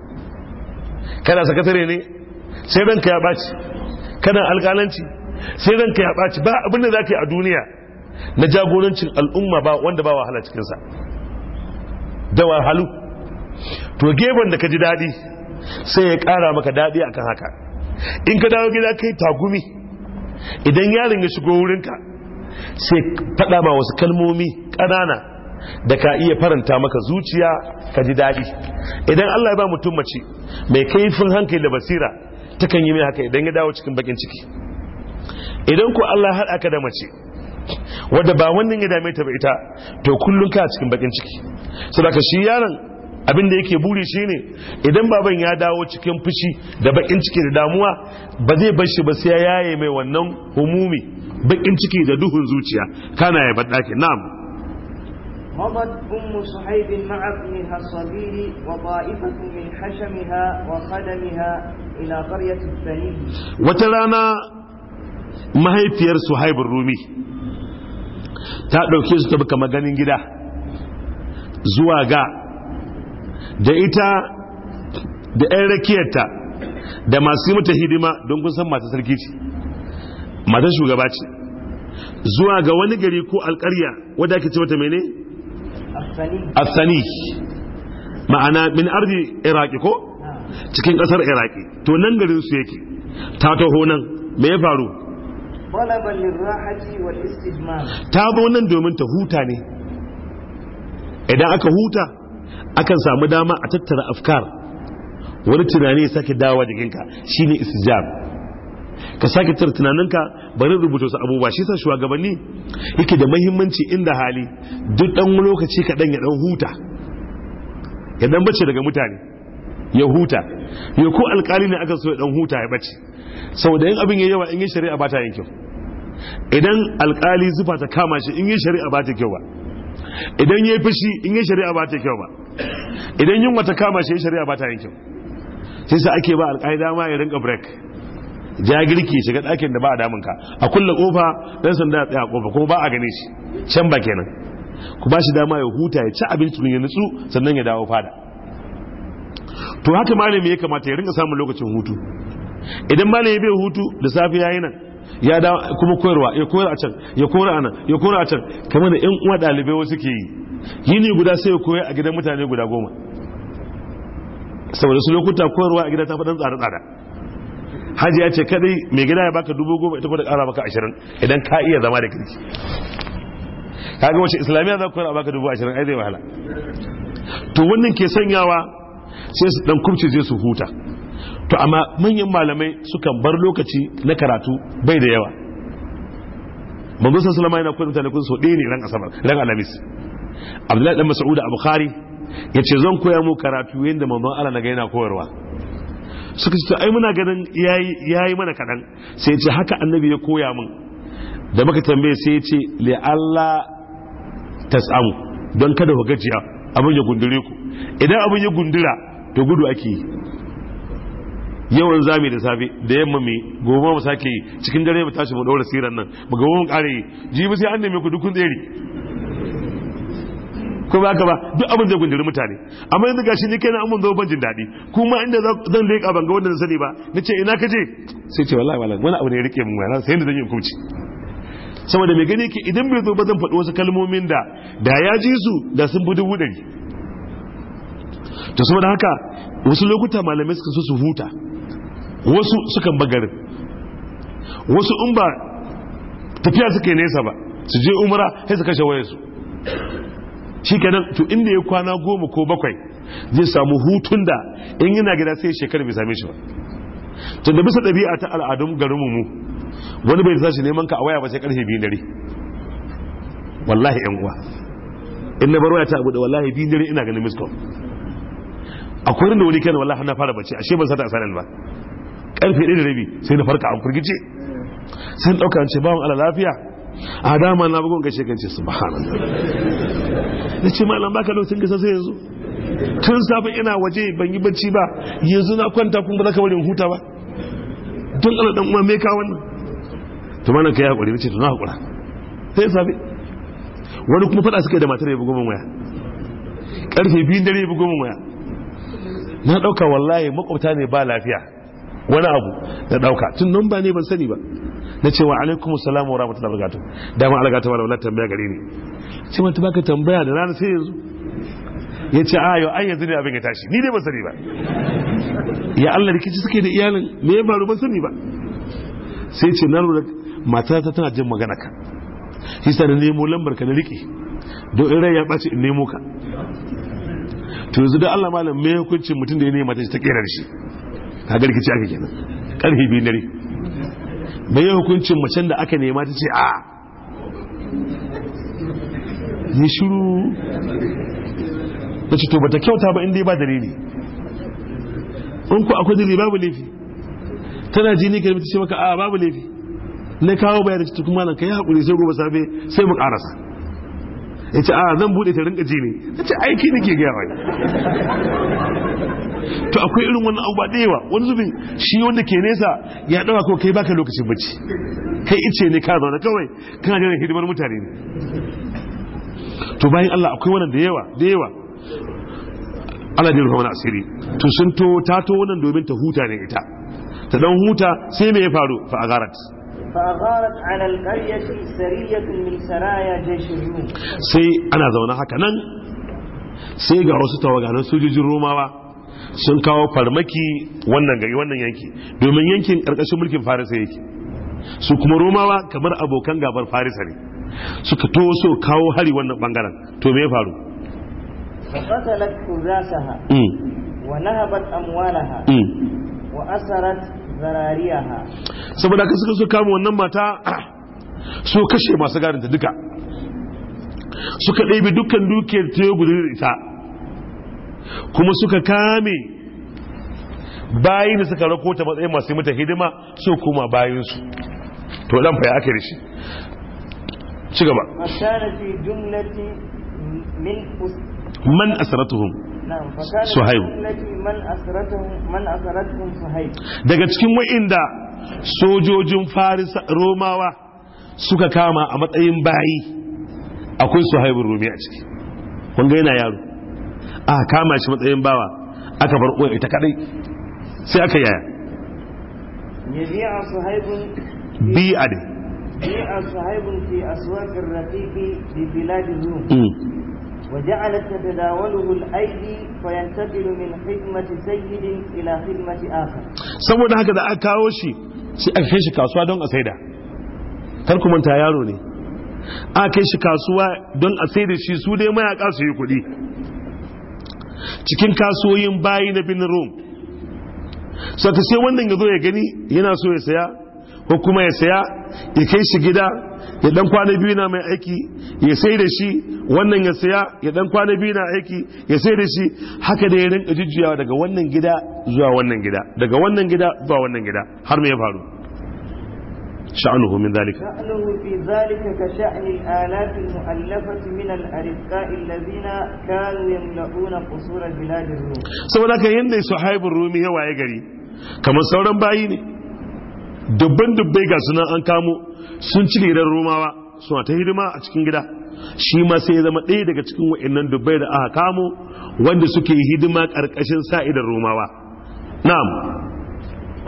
kana sakatare ne sai ranka ya ɓaci kana alƙalanci sai ranka ya ɓaci ba abin da za ka yi a duniya na jagorancin al'umma ba wanda ba wahala cikinsa da wahalu to gefen da ka ji daɗi sai ya ƙara maka daɗi kan haka in ka dawo gida kai tagumi idan yaron ya shigo wurinka sai faɗa ma wasu kalmomi ƙanana da ka iya faranta maka zuciya ka ji daɗi idan Allah ya ba mutum mace mai kaifin hankali da basira ta kan yi mai haka idan ya dawo cikin bakin ciki idan ko Allah haɗa ka da mace wadda ba wannan ya dame ta ba ita to kullum ka cikin bakin ciki saboda shi yaron abin da yake buri shine idan baban ya dawo cikin fushi da bakin ciki da damuwa ba zai bar shi ba sai ya yaye mai wannan humumi bakin ciki da duhun zuciya kana ya bar daki na'am مضت أم صحيب مع ابنها الصغير وطائفة من حشمها وخدمها إلى قرية الثني وترانا ما هي تير صحيب الرومي تبقى مغانين جدا da ita da 'yan rakiyarta da masu yi mata hidima don kun san masu sarki ce matan shugaba ce zuwa ga wani gari ko alkarya wadda ake ce mata mene? afsani ma'ana min arzi iraki ko cikin kasar iraki to nan garin su yake ta taho nan me ya faru ta zo nan domin ta huta ne idan aka huta akan samu dama a tattara afkar wani tunani ya sake dawa jikinka shine istijab ka sake tar tunaninka bari rubuta su abubuwa shi sa shugabanni yake da muhimmanci inda hali duk dan lokaci kaɗan ya dan huta ya dan bace daga mutane ya huta ya ko alkali ne aka so ya dan huta ya bace saboda yin abin ya yawa in yi shari'a ba ta yin kyau idan alkali zufa ta kama shi in yi shari'a ba ta kyau ba idan ya yi fushi in yi shari'a ba ta kyau ba idan yin wata kama shi shari'a ba ta yin kyau sai sa ake ba alƙa'ida ma ya rinka break ja girki shiga dakin da ba a damunka a kulle ƙofa dan sanda ya tsaya ƙofa kuma ba a gane shi can ba kenan ku ba shi dama ya huta ya ci abinci ya nutsu sannan ya dawo fada to haka malami ya kamata ya rinka samun lokacin hutu idan malami bai hutu da safe yi nan ya da kuma koyarwa ya koyar a can ya koyar a nan ya koyar a can kamar da yan uwa dalibai wasu ke yi ne guda sai ya koyar a gidan mutane guda goma saboda su lokuta koyarwa a gida ta faɗin tsada tsada hajji ya ce kadai mai gida ya baka dubu goma ita kuma da ƙara baka ashirin idan ka iya zama da kirki kaga wace islamiyya za ku koyar a baka dubu ashirin ai zai wahala to wannan ke sanyawa sai su dan kurce je su huta to amma manyan malamai sukan bar lokaci na karatu bai da yawa manzo sallallahu alaihi wasallam yana koyar mutane kun so ɗaya ne ran asabar ran alhamis abdullahi dan mas'ud a bukhari yace zan koya mu karatu yanda manzo Allah na ga yana koyarwa suka ce ai muna ganin yayi mana kadan sai yace haka annabi ya koya mun da muka tambaye sai yace li Allah tas'amu don kada ku gajiya abin ya gundure ku idan abin ya gundura to gudu ake yi yawan zami da safe da yamma mai goma mu sake yi cikin dare mu tashi mu daura siran nan mu gobe mu kare yi jibi sai an neme ku dukun tsere ko ba ka ba duk abin da gundiri mutane amma yanzu gashi ni kaina amun zo ban jin daɗi kuma inda zan leƙa ban ga wanda sani ba nace ina ka je sai ce wallahi wallahi wani abu ne ya rike mun wani sai da zan yi hukunci saboda mai gani ke idan bai zo ba zan faɗi wasu kalmomin da da ya ji su da sun budu dubu ɗari to saboda haka wasu lokuta malamai suka so su huta wasu sukan bagarin wasu in ba tafiya suke nesa ba su je umara sai su kashe wayarsu shi kenan to inda ya kwana goma ko bakwai zai samu hutun da in yana gida sai shekaru bai same shi ba to da bisa ɗabi'a ta al'adun garin mu wani bai tashi neman ka a waya ba sai karfe biyu dare wallahi yan uwa in na bar waya ta abu da wallahi biyu dare ina ganin miskom akwai rinda wani kenan wallahi na fara bace ashe ban sata asalan ba karfe ɗaya da rabi sai na farka a kurgice sai na ɗauka ce bawon ala lafiya a dama na bugun gashe kan ce subhanallah na ce malam baka lokacin gasa sai yanzu tun safe ina waje ban yi bacci ba yanzu na kwanta kun ba za ka bari huta ba don ala dan uwa me ka wannan to mana kai hakuri ce to na hakura sai safe wani kuma fada suka da matar ya bugo min waya karfe biyun dare ya bugo min waya na dauka wallahi makwabta ne ba lafiya wani abu na dauka tun nan ba ne ban sani ba na ce wa alaikum assalamu wa rahmatullahi wa barakatuh dama algata wala wala tambaya gare ni sai wata baka tambaya da rana sai yanzu ya ce a ah, yau an yanzu ne abin ya tashi ni dai ban sani ba ya Allah rikici suke da iyalin me ya faru ban sani ba sai ce na lura mata ta tana jin magana ka shi sa da nemo lambar ka na riƙe don in rai ya ɓace in nemo ka to yanzu da Allah malam me hukuncin mutum da ya nema ta ta kera shi ka garkici aka kenan karfi biyu dare mai hukuncin macen da aka nema ta ce a yi shiru da ce to bata kyauta ba inda ba dalili in ku akwai dare babu laifi tana ji ne karfi ta ce maka a babu laifi na kawo bayan da ce tukun malam ka yi haƙuri sai gobe safe sai mu ƙarasa ya ce a zan buɗe ta rinka ji ne ta ce aiki nake gaya wani to akwai irin wannan abubuwa da yawa wani zubin shi wanda ke nesa ya dawa ko kai baka lokacin bacci kai ice ne ka zauna kawai kana jiran hidimar mutane ne to bayan Allah akwai wannan da yawa da yawa Allah ya rufa mana asiri to sun to ta to wannan domin ta huta ne ita ta dan huta sai me ya faru fa agarat fa agarat ala alqaryati sariyatun min saraya jaysh sai ana zauna haka nan sai ga wasu tawaganan sojojin romawa sun kawo farmaki wannan gari wannan yanki domin yankin karkashin mulkin farisa yake su kuma romawa kamar abokan gabar farisa ne suka to so kawo hari wannan bangaren to me ya faru mm. mm. saboda ka suka so kama wannan mata su kashe masu garinta duka suka ɗabi dukkan dukiyar ta da ita kuma suka kame bayin da suka rako ta matsayin masu mata hidima su kuma bayinsu to dan fa ya aka rishi ci gaba man asratuhum suhaib daga cikin da sojojin farisa romawa suka kama a matsayin bayi akwai suhaibun rumi a ciki kun yana yaro a kama shi matsayin bawa aka bar ita kadai sai aka yaya bi'a ne bi'a sahibin fi aswaqir bi biladi rum وجعلت الايدي فينتقل من خدمه سيد الى saboda haka da aka kawo shi sai aka kai shi kasuwa don a saida kar ku manta yaro ne aka kai shi kasuwa don a saida shi su dai mayaka su yi kuɗi cikin kasuwoyin bayi na bin rum saka sai wannan ya zo ya gani yana so ya saya ko kuma ya saya ya kai shi gida ya dan kwana biyu na mai aiki ya sai da shi wannan ya saya ya dan kwana biyu na aiki ya sai da shi haka da ya rinka jujjuyawa daga wannan gida zuwa wannan gida daga wannan gida zuwa wannan gida har me ya faru sha'anuhu min zalika sha'anuhu fi zalika ka sha'ani al-alaf al-mu'allafati min al-arifqa alladhina kanu yamla'una qusur al-bilad ar-rum saboda ka rumi ya waye gari kamar sauran bayi ne dubban dubbai ga sunan an kamo sun cike gidan romawa suna ta hidima a cikin gida shi ma sai ya zama ɗaya daga cikin wa'annan dubbai da aka kamo wanda suke hidima ƙarƙashin sa'idan romawa na'am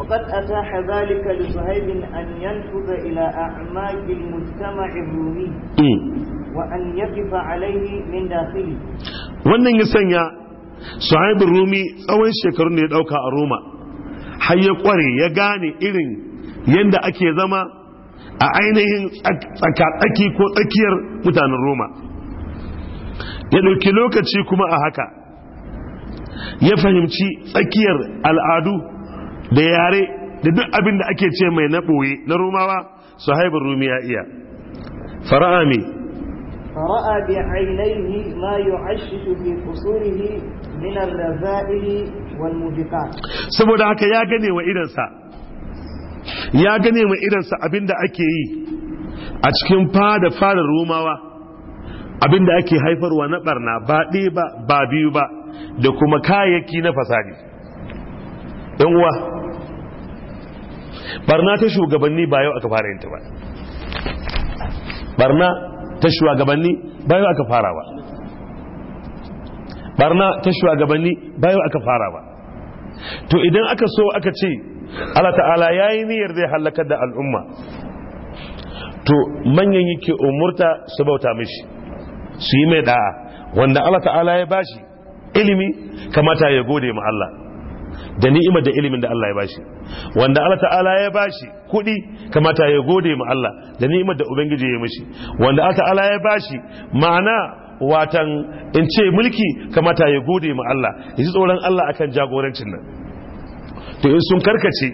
وقد أتاح ذلك لصهيب أن ينفذ إلى أعماق المجتمع الرومي وأن يقف عليه من داخله wannan ya sanya suhaibin rumi tsawon shekaru ne ya dauka a roma har ya kware ya gane irin yadda ake zama a ainihin tsakatsaki ko tsakiyar mutanen roma ya ɗauki lokaci kuma a haka ya fahimci tsakiyar al'adu da yare da duk abin da ake ce mai na ɓoye na rumawa su haibar rumi ya iya fara'a me fara'a bi ainihi ma yu'ashishu fi qusurihi min da za'iri wal mujika saboda haka ya gane wa idansa ya gane wa idansa abin da ake yi a cikin fada fada rumawa abin da ake haifarwa na barna ba ɗaya ba ba biyu ba da kuma kayayyaki na fasadi ɗan uwa barna ta shugabanni ba yau aka fara yin ba barna ta shugabanni ba yau aka fara ba barna ta shugabanni ba yau aka fara ba to idan aka so aka ce Allah ta'ala yayi niyyar zai halakar da al'umma to manyan yake umurta su bauta mishi su yi mai da'a wanda Allah ta'ala ya bashi ilimi kamata ya gode ma Allah da ni'imar da ilimin da Allah ya bashi wanda Allah ta'ala ya bashi kuɗi kamata ya gode ma Allah da ni'imar da ubangiji ya mishi wanda Allah ta'ala ya bashi ma'ana watan in ce mulki kamata ya gode ma Allah ya ji tsoron Allah akan jagorancin nan to in sun karkace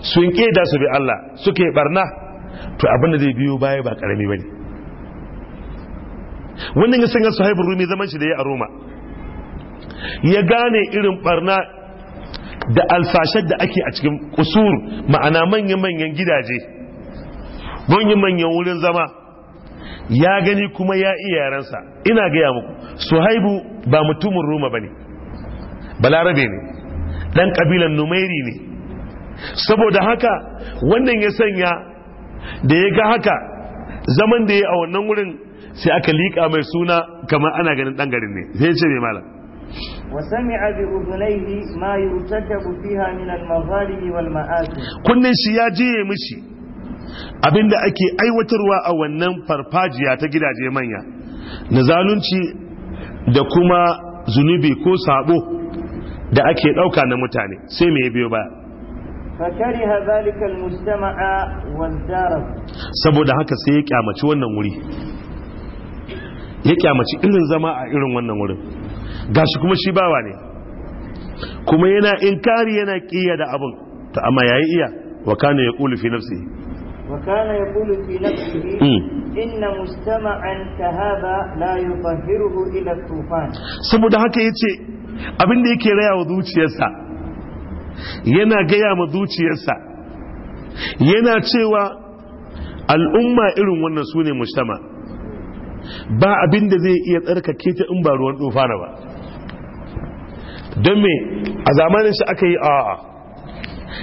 sun keda su bi Allah suke barna to abin da zai biyo baya ba karami bane wannan ya sanya sahaibin rumi zaman shi da ya a roma ya gane irin barna da alfashar da ake a cikin kusur ma'ana manya-manyan gidaje manya-manyan wurin zama ya gani kuma ya iya yaransa ina gaya muku suhaibu ba mutumin roma ba ne balarabe ne ɗan ƙabilan numairi ne saboda haka wannan ya sanya da ya ga haka zaman da ya a wannan wurin sai aka liƙa mai suna kamar ana ganin ɗan garin ne sai ce mai malam وسمع بأذنيه ما يرتكب فيها من المظالم والمآثم كن سياجي مشي abin da أي وتروى أو النم farfajiya أتجد gidaje manya na zalunci da kuma zunubi ko sabo da ake dauka na mutane sai mai biyo ba fakariha zalika almujtama'a wazdara saboda haka sai ya kyamaci wannan wuri ya kyamaci irin zama a irin wannan wurin shi kuma shi bawa ne kuma yana inkari yana kiya da abin ta amma yayi iya wa kana yaqulu fi nafsi wa kana yaqulu fi nafsi hmm. inna mustama'an kahaba la yutahhiruhu ila tufan saboda haka ya ce, abinda yake raya wa zuciyarsa yana gaya ma zuciyarsa yana cewa al'umma irin wannan su ne mujtama ba abin da zai iya tsarkake ta in ba ruwan tufana ba don me a zamanin shi aka yi a'a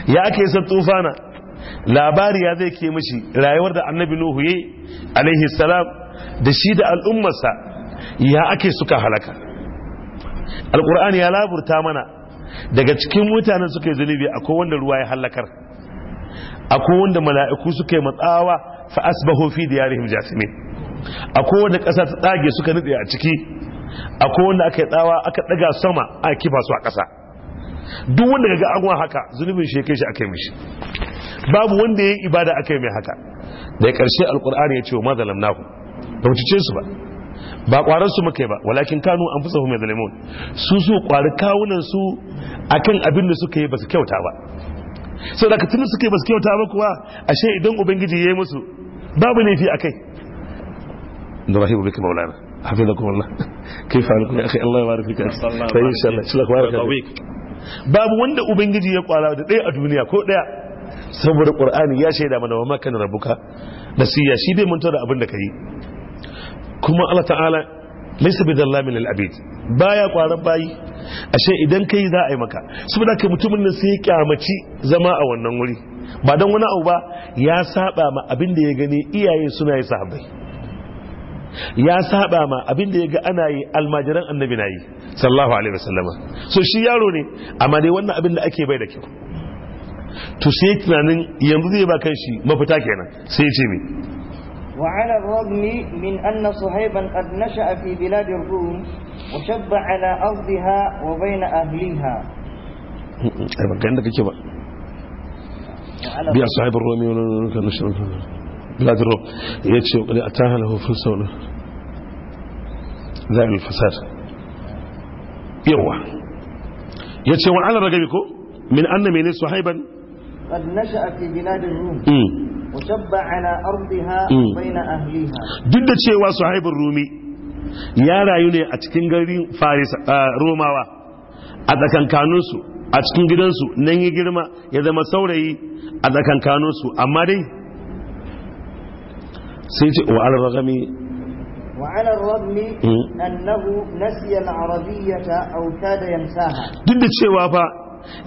ya ake san tufana labari ya zai ke mashi rayuwar da annabi nuhu yi alaihi salam da shi da al'ummarsa ya ake suka halaka alkur'ani ya laburta mana daga cikin mutanen suka yi zunubi akwai wanda ruwa ya halakar akwai wanda mala'iku suka yi matsawa fa asbahu fi diyarihim jasimin akwai wanda ƙasa ta tsage suka nutse a ciki akwai wanda aka yi tsawa aka daga sama a kifa su a ƙasa duk wanda ga an haka zunubin shi kai shi aka yi mishi babu wanda ya yi ibada aka yi mai haka da ya ƙarshe alƙur'ani ya ce wa mazalam naku ba mu cice su ba ba ƙwarar su muka yi ba walakin kanu an fusa hume zalimun su su ƙwari kawunan su a kan abin da suka yi ba su kyauta ba sau da tun suka yi ba su kyauta ba kuwa ashe idan ubangiji ya yi musu babu laifi a kai حفظكم الله كيف حالكم يا اخي الله يبارك فيك طيب ان شاء الله شلك بارك فيك babu wanda ubangiji ya kwara da ɗaya a duniya ko daya saboda ƙur'ani ya shaida mana wa makan rabbuka nasiya shi dai manta da abin da yi. kuma Allah ta'ala laysa bidallamin lil abid baya kwaran bayi ashe idan kai za a yi maka saboda kai mutumin nan sai kyamaci zama a wannan wuri ba dan wani abu ba ya saɓa ma abinda ya gani iyaye suna yi sahabbai ya saba ma abinda ya ga ana yi almajiran annabi na yi sallahu alaihi wasallam so shi yaro ne amma dai wannan abin da ake bai da kyau to sai tunanin yanzu zai ba kan shi mafita kenan sai ya ce mi wa ala rajmi min anna suhayban qad nasha'a fi bilad ar-rum wa shabba ala ardiha wa bayna ahliha ai ba ganda kake ba bi suhayban rumi wa nasha'a ladro ya ce ƙari a tahar hufin saurin za'il fasad yawa ya ce wa'ala ragabi ko min an na mene su haiban قد نشأ في بلاد الروم وشب على أرضها بين أهلها duk da cewa suhaibin rumi ya rayu ne a cikin garin faris romawa a tsakankaninsu a cikin gidansu nan yi girma ya zama saurayi a tsakankaninsu amma dai sai ce wa al ragami wa ala ragami hmm. annahu nasiya al arabiyyata aw kada yansaha duk da cewa fa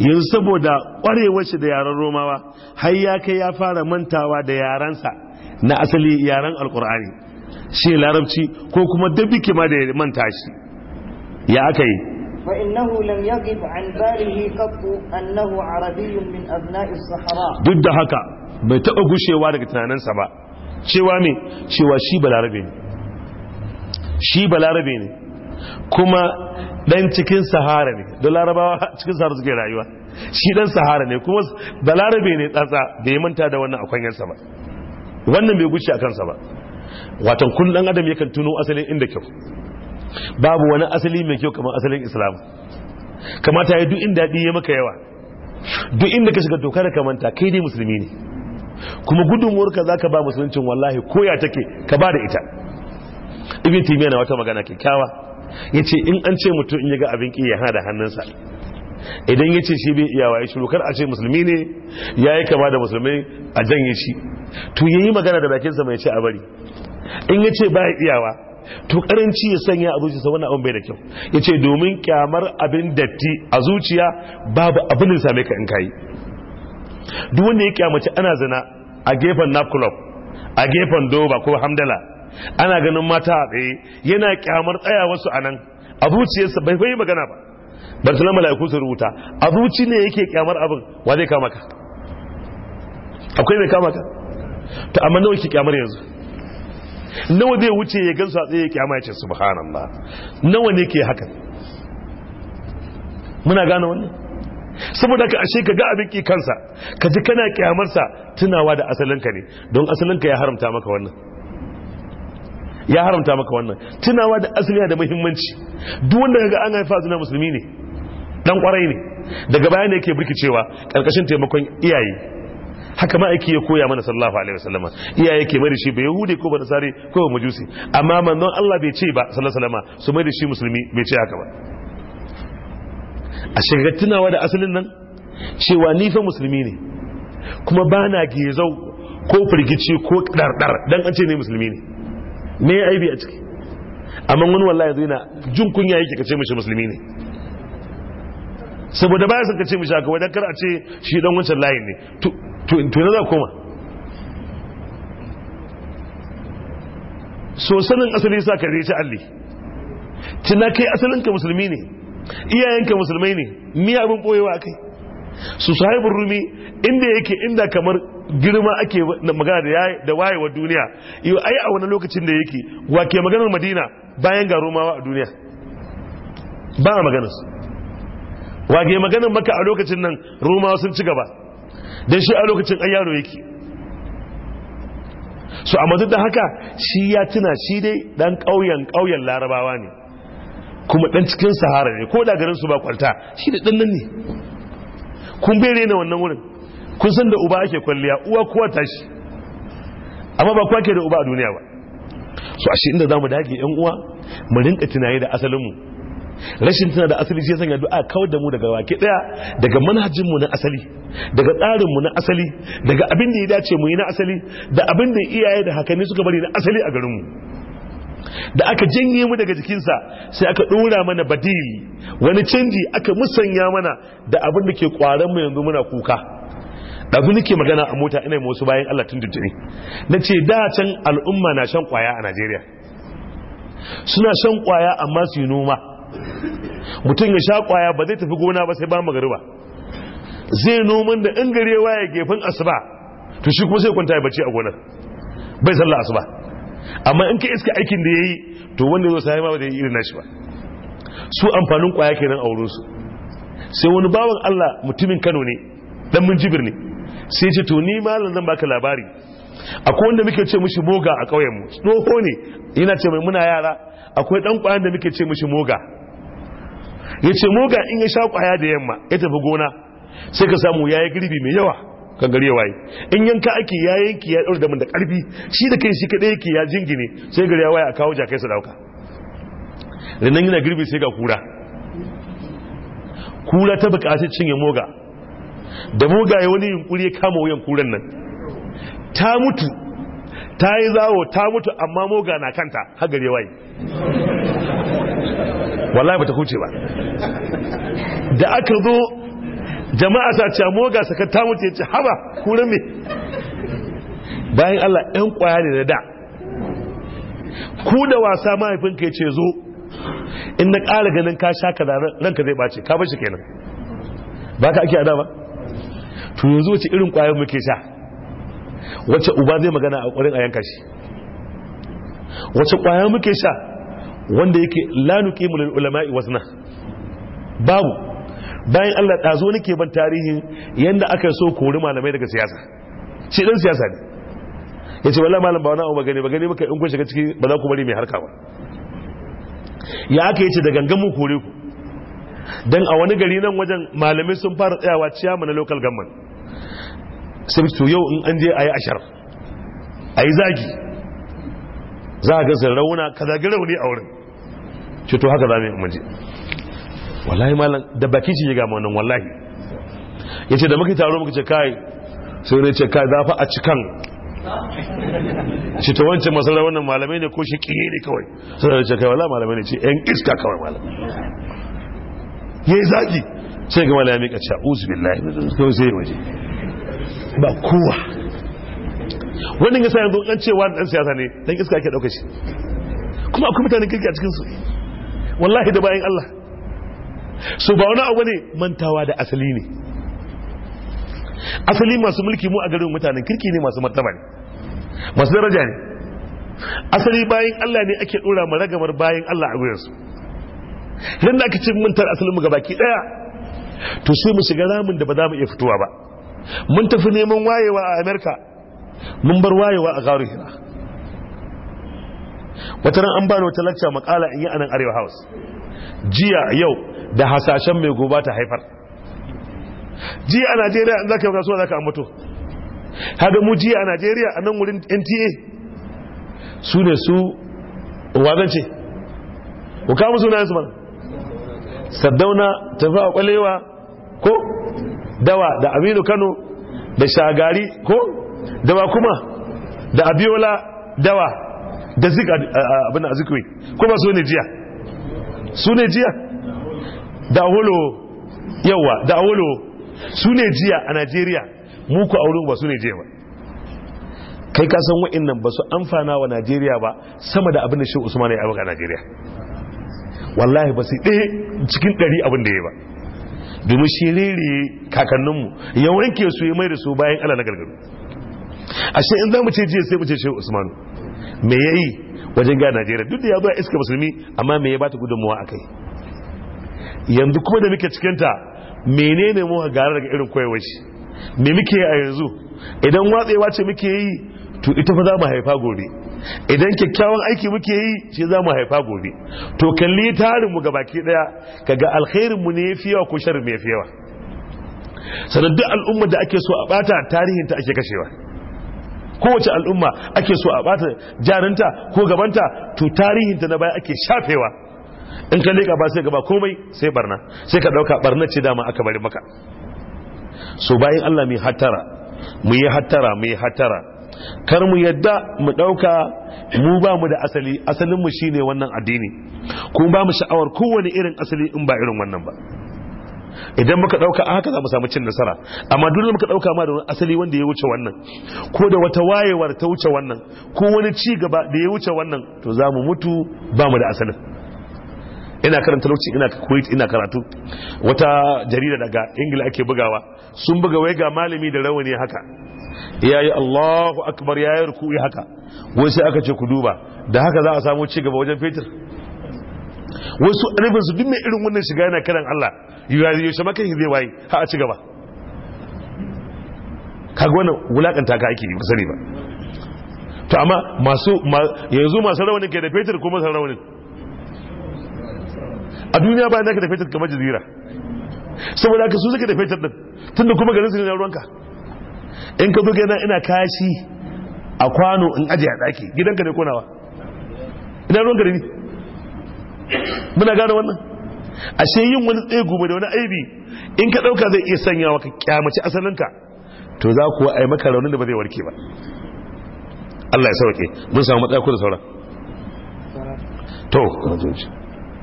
yanzu saboda kwarewar shi da yaren romawa har ya kai ya fara mantawa da yarensa na asali yaran alkur'ani shi larabci ko kuma dabbike ma da manta shi ya aka yi فإنه لم يغب عن باله قط أنه عربي من أبناء Duk da haka bai taɓa gushewa daga tunaninsa ba cewa me cewa shi balarabe ne shi balarabe ne kuma dan cikin sahara ne da larabawa cikin sahara suke rayuwa shi dan sahara ne kuma balarabe ne tsatsa bai manta da wannan akwanyarsa ba wannan bai guce a kansa ba watan kun dan adam yakan tuno asalin inda kyau babu wani asali mai kyau kamar asalin islam kamata ya duk inda daɗi ya maka yawa duk inda ka shiga dokar kamanta kai dai musulmi ne kuma gudunmuwarka za ka ba musuluncin wallahi koya take ka ba da ita ibi timiya na wata magana kyakkyawa ya ce in an ce mutum in ya ga abin ki ya hana da hannunsa idan ya ce shi bai iyawa ya shiru kar a ce musulmi ne ya yi kama da musulmi a janye shi to ya yi magana da bakinsa mai ce a bari in ya ce baya iyawa to karanci ya sanya a zuciya wani abin bai da kyau ya ce domin kyamar abin datti a zuciya babu abin da same ka in kayi duk wanda ya kyamaci ana zina a gefen nap club a gefen doba ko hamdala ana ganin mata a tsaye yana kyamar tsayawarsu a nan a zuciyarsa bai bai magana ba bar sulama laiku su rubuta a zuci ne yake kyamar abin wa zai kama ka akwai mai kama ka to amma nawa ke kyamar yanzu nawa zai wuce ya gansu a tsaye ya kyama ya ce subhanallah nawa ne ke hakan muna gane wannan saboda ka ashe ka ga abin ki kansa ka ji kana kyamarsa tunawa da asalinka ne don asalinka ya haramta maka wannan ya haramta maka wannan tunawa da asali da muhimmanci duk wanda kaga an haifa zuna musulmi ne dan kwarai ne daga baya ne yake cewa karkashin taimakon iyaye haka ma aiki ya koya mana sallallahu alaihi wasallama iyaye ke mai shi ba yahudi ko ba nasari ko ba majusi amma manzon Allah bai ce ba sallallahu alaihi wasallama su mai da shi musulmi bai ce haka ba a shiga tunawa da asalin nan cewa ni fa musulmi ne kuma ba na gezau ko firgici ko ɗarɗar don an ce ne musulmi ne me ya aibi a ciki amma wani wallahi yanzu yana jin kunya yake kace mishi musulmi ne saboda baya sun kace mishi a kawai dakar a ce shi dan wancan layin ne to yana za koma so sanin asali sa kare shi alli tunakai kai asalin ka musulmi ne iyayenka musulmai ne miya abin boyewa kai su sahibin rumi inda yake inda kamar girma ake magana da wayewar duniya yau ai a wani lokacin da yake wake maganar madina bayan ga romawa a duniya ba a wa ke maganar maka a lokacin nan romawa sun ci gaba dan shi a lokacin an yaro yake amma duk da haka shi ya tuna shi dai dan ƙauyen ƙauyen larabawa ne kuma dan cikin sahara ne ko da garin su ba kwalta shi da dan nan ne kun bere ne wannan wurin kun san da uba ake kwalliya uwa kowa tashi amma ba kwa ke da uba a duniya ba so ashe inda zamu dage yan uwa mu rinka tunani da asalin mu rashin tana da asali sai sanya du'a kawar da mu daga wake daya daga manhajin mu na asali daga tsarin mu na asali daga abin da ya dace mu yi na asali da abin da iyaye da hakanni suka bari na asali a garin mu da aka janye mu daga jikinsa sai aka ɗora mana badili wani canji aka musanya mana da abin da ke kwaran mu yanzu muna kuka ɗazu nake magana a mota ina wasu bayan Allah tun tuntuni na ce da can al'umma na shan kwaya a Najeriya suna shan kwaya amma su yi noma mutum ya sha kwaya ba zai tafi gona ba sai ba ba zai noman da in gare waye gefen asuba to shi kuma sai kwanta ya bacci a gonar bai sallah asuba amma in ka iska aikin da ya yi to wanda zo sai ma ba da yi irin nashi ba su amfanin kwaya kenan a wurin su sai wani bawan Allah mutumin Kano ne dan mun jibir ne sai ce to ni malam zan baka labari akwai wanda muke ce mishi moga a kauyen mu tsoho ne yana ce mai muna yara akwai dan kwayan da muke ce mishi moga yace moga in ya sha kwaya da yamma ya tafi gona sai ka samu yayi girbi mai yawa kan gari ya waye in yanka ake ya yanki ya da damin da ƙarfi shi da kai shi kaɗai yake ya jingine sai gari ya waye a kawo jakai su dauka rinan yana girbi sai ga kura kura ta buƙaci cinye moga da moga ya wani yunkuri ya kama wuyan kuran nan ta mutu ta yi zawo ta mutu amma moga na kanta har gari ya waye wallahi ba huce ba da aka zo jama'a sa ce moga saka ta mutu ce haba kura me bayan Allah ɗan ƙwaya ne da da ku da wasa mahaifinka ya ce zo in na ƙara ganin ka sha kaza ranka zai ɓace ka bashi kenan ba ka ake adama to yanzu wace irin ƙwayar muke sha wacce uba zai magana a ƙwarin a yanka shi Wace ƙwayar muke sha wanda yake lanuke mulul ulama'i wasna babu bayan Allah ɗazo nake ban tarihin yadda aka so kori malamai daga siyasa shi ɗan siyasa ne ya ce wallah malam ba wani abu gani ba gani maka in kun shiga ciki ba za ku bari mai harka ba ya aka ce da gangan mu kore ku dan a wani gari nan wajen malamai sun fara tsayawa ciya na local gamman sai to yau in an je ayi ashar ayi zagi za a ga sun rauna ka zagi rauni a wurin ce to haka za mu yi wallahi malam da baki shi ga gama wannan wallahi ya ce da muke taro muke ce kai sai ne ce kai zafi a cikan shi to wancan masarar wannan malamai ne ko shi kiye ne kawai sai ne ce kai wallahi malamai ne ce yan iska kawai malam ya yi zaki sai ga malamai ka ce uzu billahi kawai sai waje ba kowa wannan yasa yanzu an cewa dan siyasa ne dan iska ake dauka shi kuma akwai mutanen kirki a cikin su wallahi da bayan Allah so ba wani abu ne mantawa da asali ne asali masu mulki mu a garin mutanen kirki ne masu martaba ne masu daraja ne asali bayan Allah ne ake dora ma ragamar bayan Allah a wuyansu yadda ake ce mintar asalinmu mu gabaki daya to sai mu shiga ramin da ba za mu iya fitowa ba mun tafi neman wayewa a Amerika mun bar wayewa a garu hira wata ran an bani wata lacca makala in yi anan arewa house jiya yau da hasashen mai goba ta haifar ji a najeriya an zaka yi rasuwa zaka amato haga mu ji a najeriya a nan wurin nta su ne su wazance ku kama sunayen su mana saddauna tafi a kwalewa ko dawa da aminu kano da shagari ko dawa kuma da abiola dawa da zik abin azikwe kuma su ne jiya su ne jiya da awolo yawa da su ne jiya a najeriya muku wurin ba su ne jiya ba kai ka san nan ba su amfana wa najeriya ba sama da abin da shi usman ya abuka a najeriya wallahi ba su ɗaya cikin ɗari abin da ya ba domin shi rere kakanninmu ya wanke su ya mai da su bayan ala na gargaru shi in za mu ce jiya sai mu ce shi Usman. me ya yi wajen ga najeriya duk da ya zo a iska musulmi amma me ya bata gudunmuwa kai? yanzu kuma da muke cikinta menene mu gare daga irin koyarwar shi me muke a yanzu idan watsewa ce muke yi to ita fa za mu haifa gobe idan kyakkyawan aiki muke yi shi za mu haifa gobe to kalli tarin mu gabaki daya kaga alkhairin mu ne yafi yawa ko sharri mu yafi yawa sanan duk al'umma da ake so a bata tarihin ta ake kashewa kowace al'umma ake so a bata jarinta ko gabanta to tarihin ta na baya ake shafewa in ka leƙa ba sai gaba komai sai barna sai ka ɗauka barna ce dama aka bari maka so bayan Allah mai hatara mu yi hattara mu yi hattara kar mu yadda mu ɗauka mu ba mu da asali asalin mu shine wannan addini kuma ba mu sha'awar kowane irin asali in ba irin wannan ba idan muka ɗauka a haka za mu samu cin nasara amma duk muka dauka ma da wani asali wanda ya wuce wannan ko da wata wayewar ta wuce wannan ko wani ci gaba da ya wuce wannan to za mu mutu ba mu da asalin ina karanta lokacin ina kuwait ina karatu wata jarida daga ingila ake bugawa sun buga wai ga malami da rawani haka ya yi allahu akbar ya yi ruku'i haka wai sai aka ce ku duba da haka za a samu ci gaba wajen fetur wasu su duk mai irin wannan shiga yana kiran allah yaushe maka zai waye ha a ci gaba kaga wannan wulakanta ka ake yi ba sani ba to amma masu yanzu masu rawanin ke da fetur ko masu rawanin a duniya bayan zaka da fetur kamar jazira saboda aka su suka da fetur din tunda kuma garin su ne na ruwanka in ka zo yana ina kashi a kwano in aje a daki gidanka ne konawa ina ruwan da ni muna gane wannan ashe yin wani tsaye gobe da wani aibi in ka dauka zai iya sanyawa ka kyamaci asalinka to za kuwa a yi maka raunin da ba zai warke ba Allah ya sauke mun samu matsaya ku da sauran to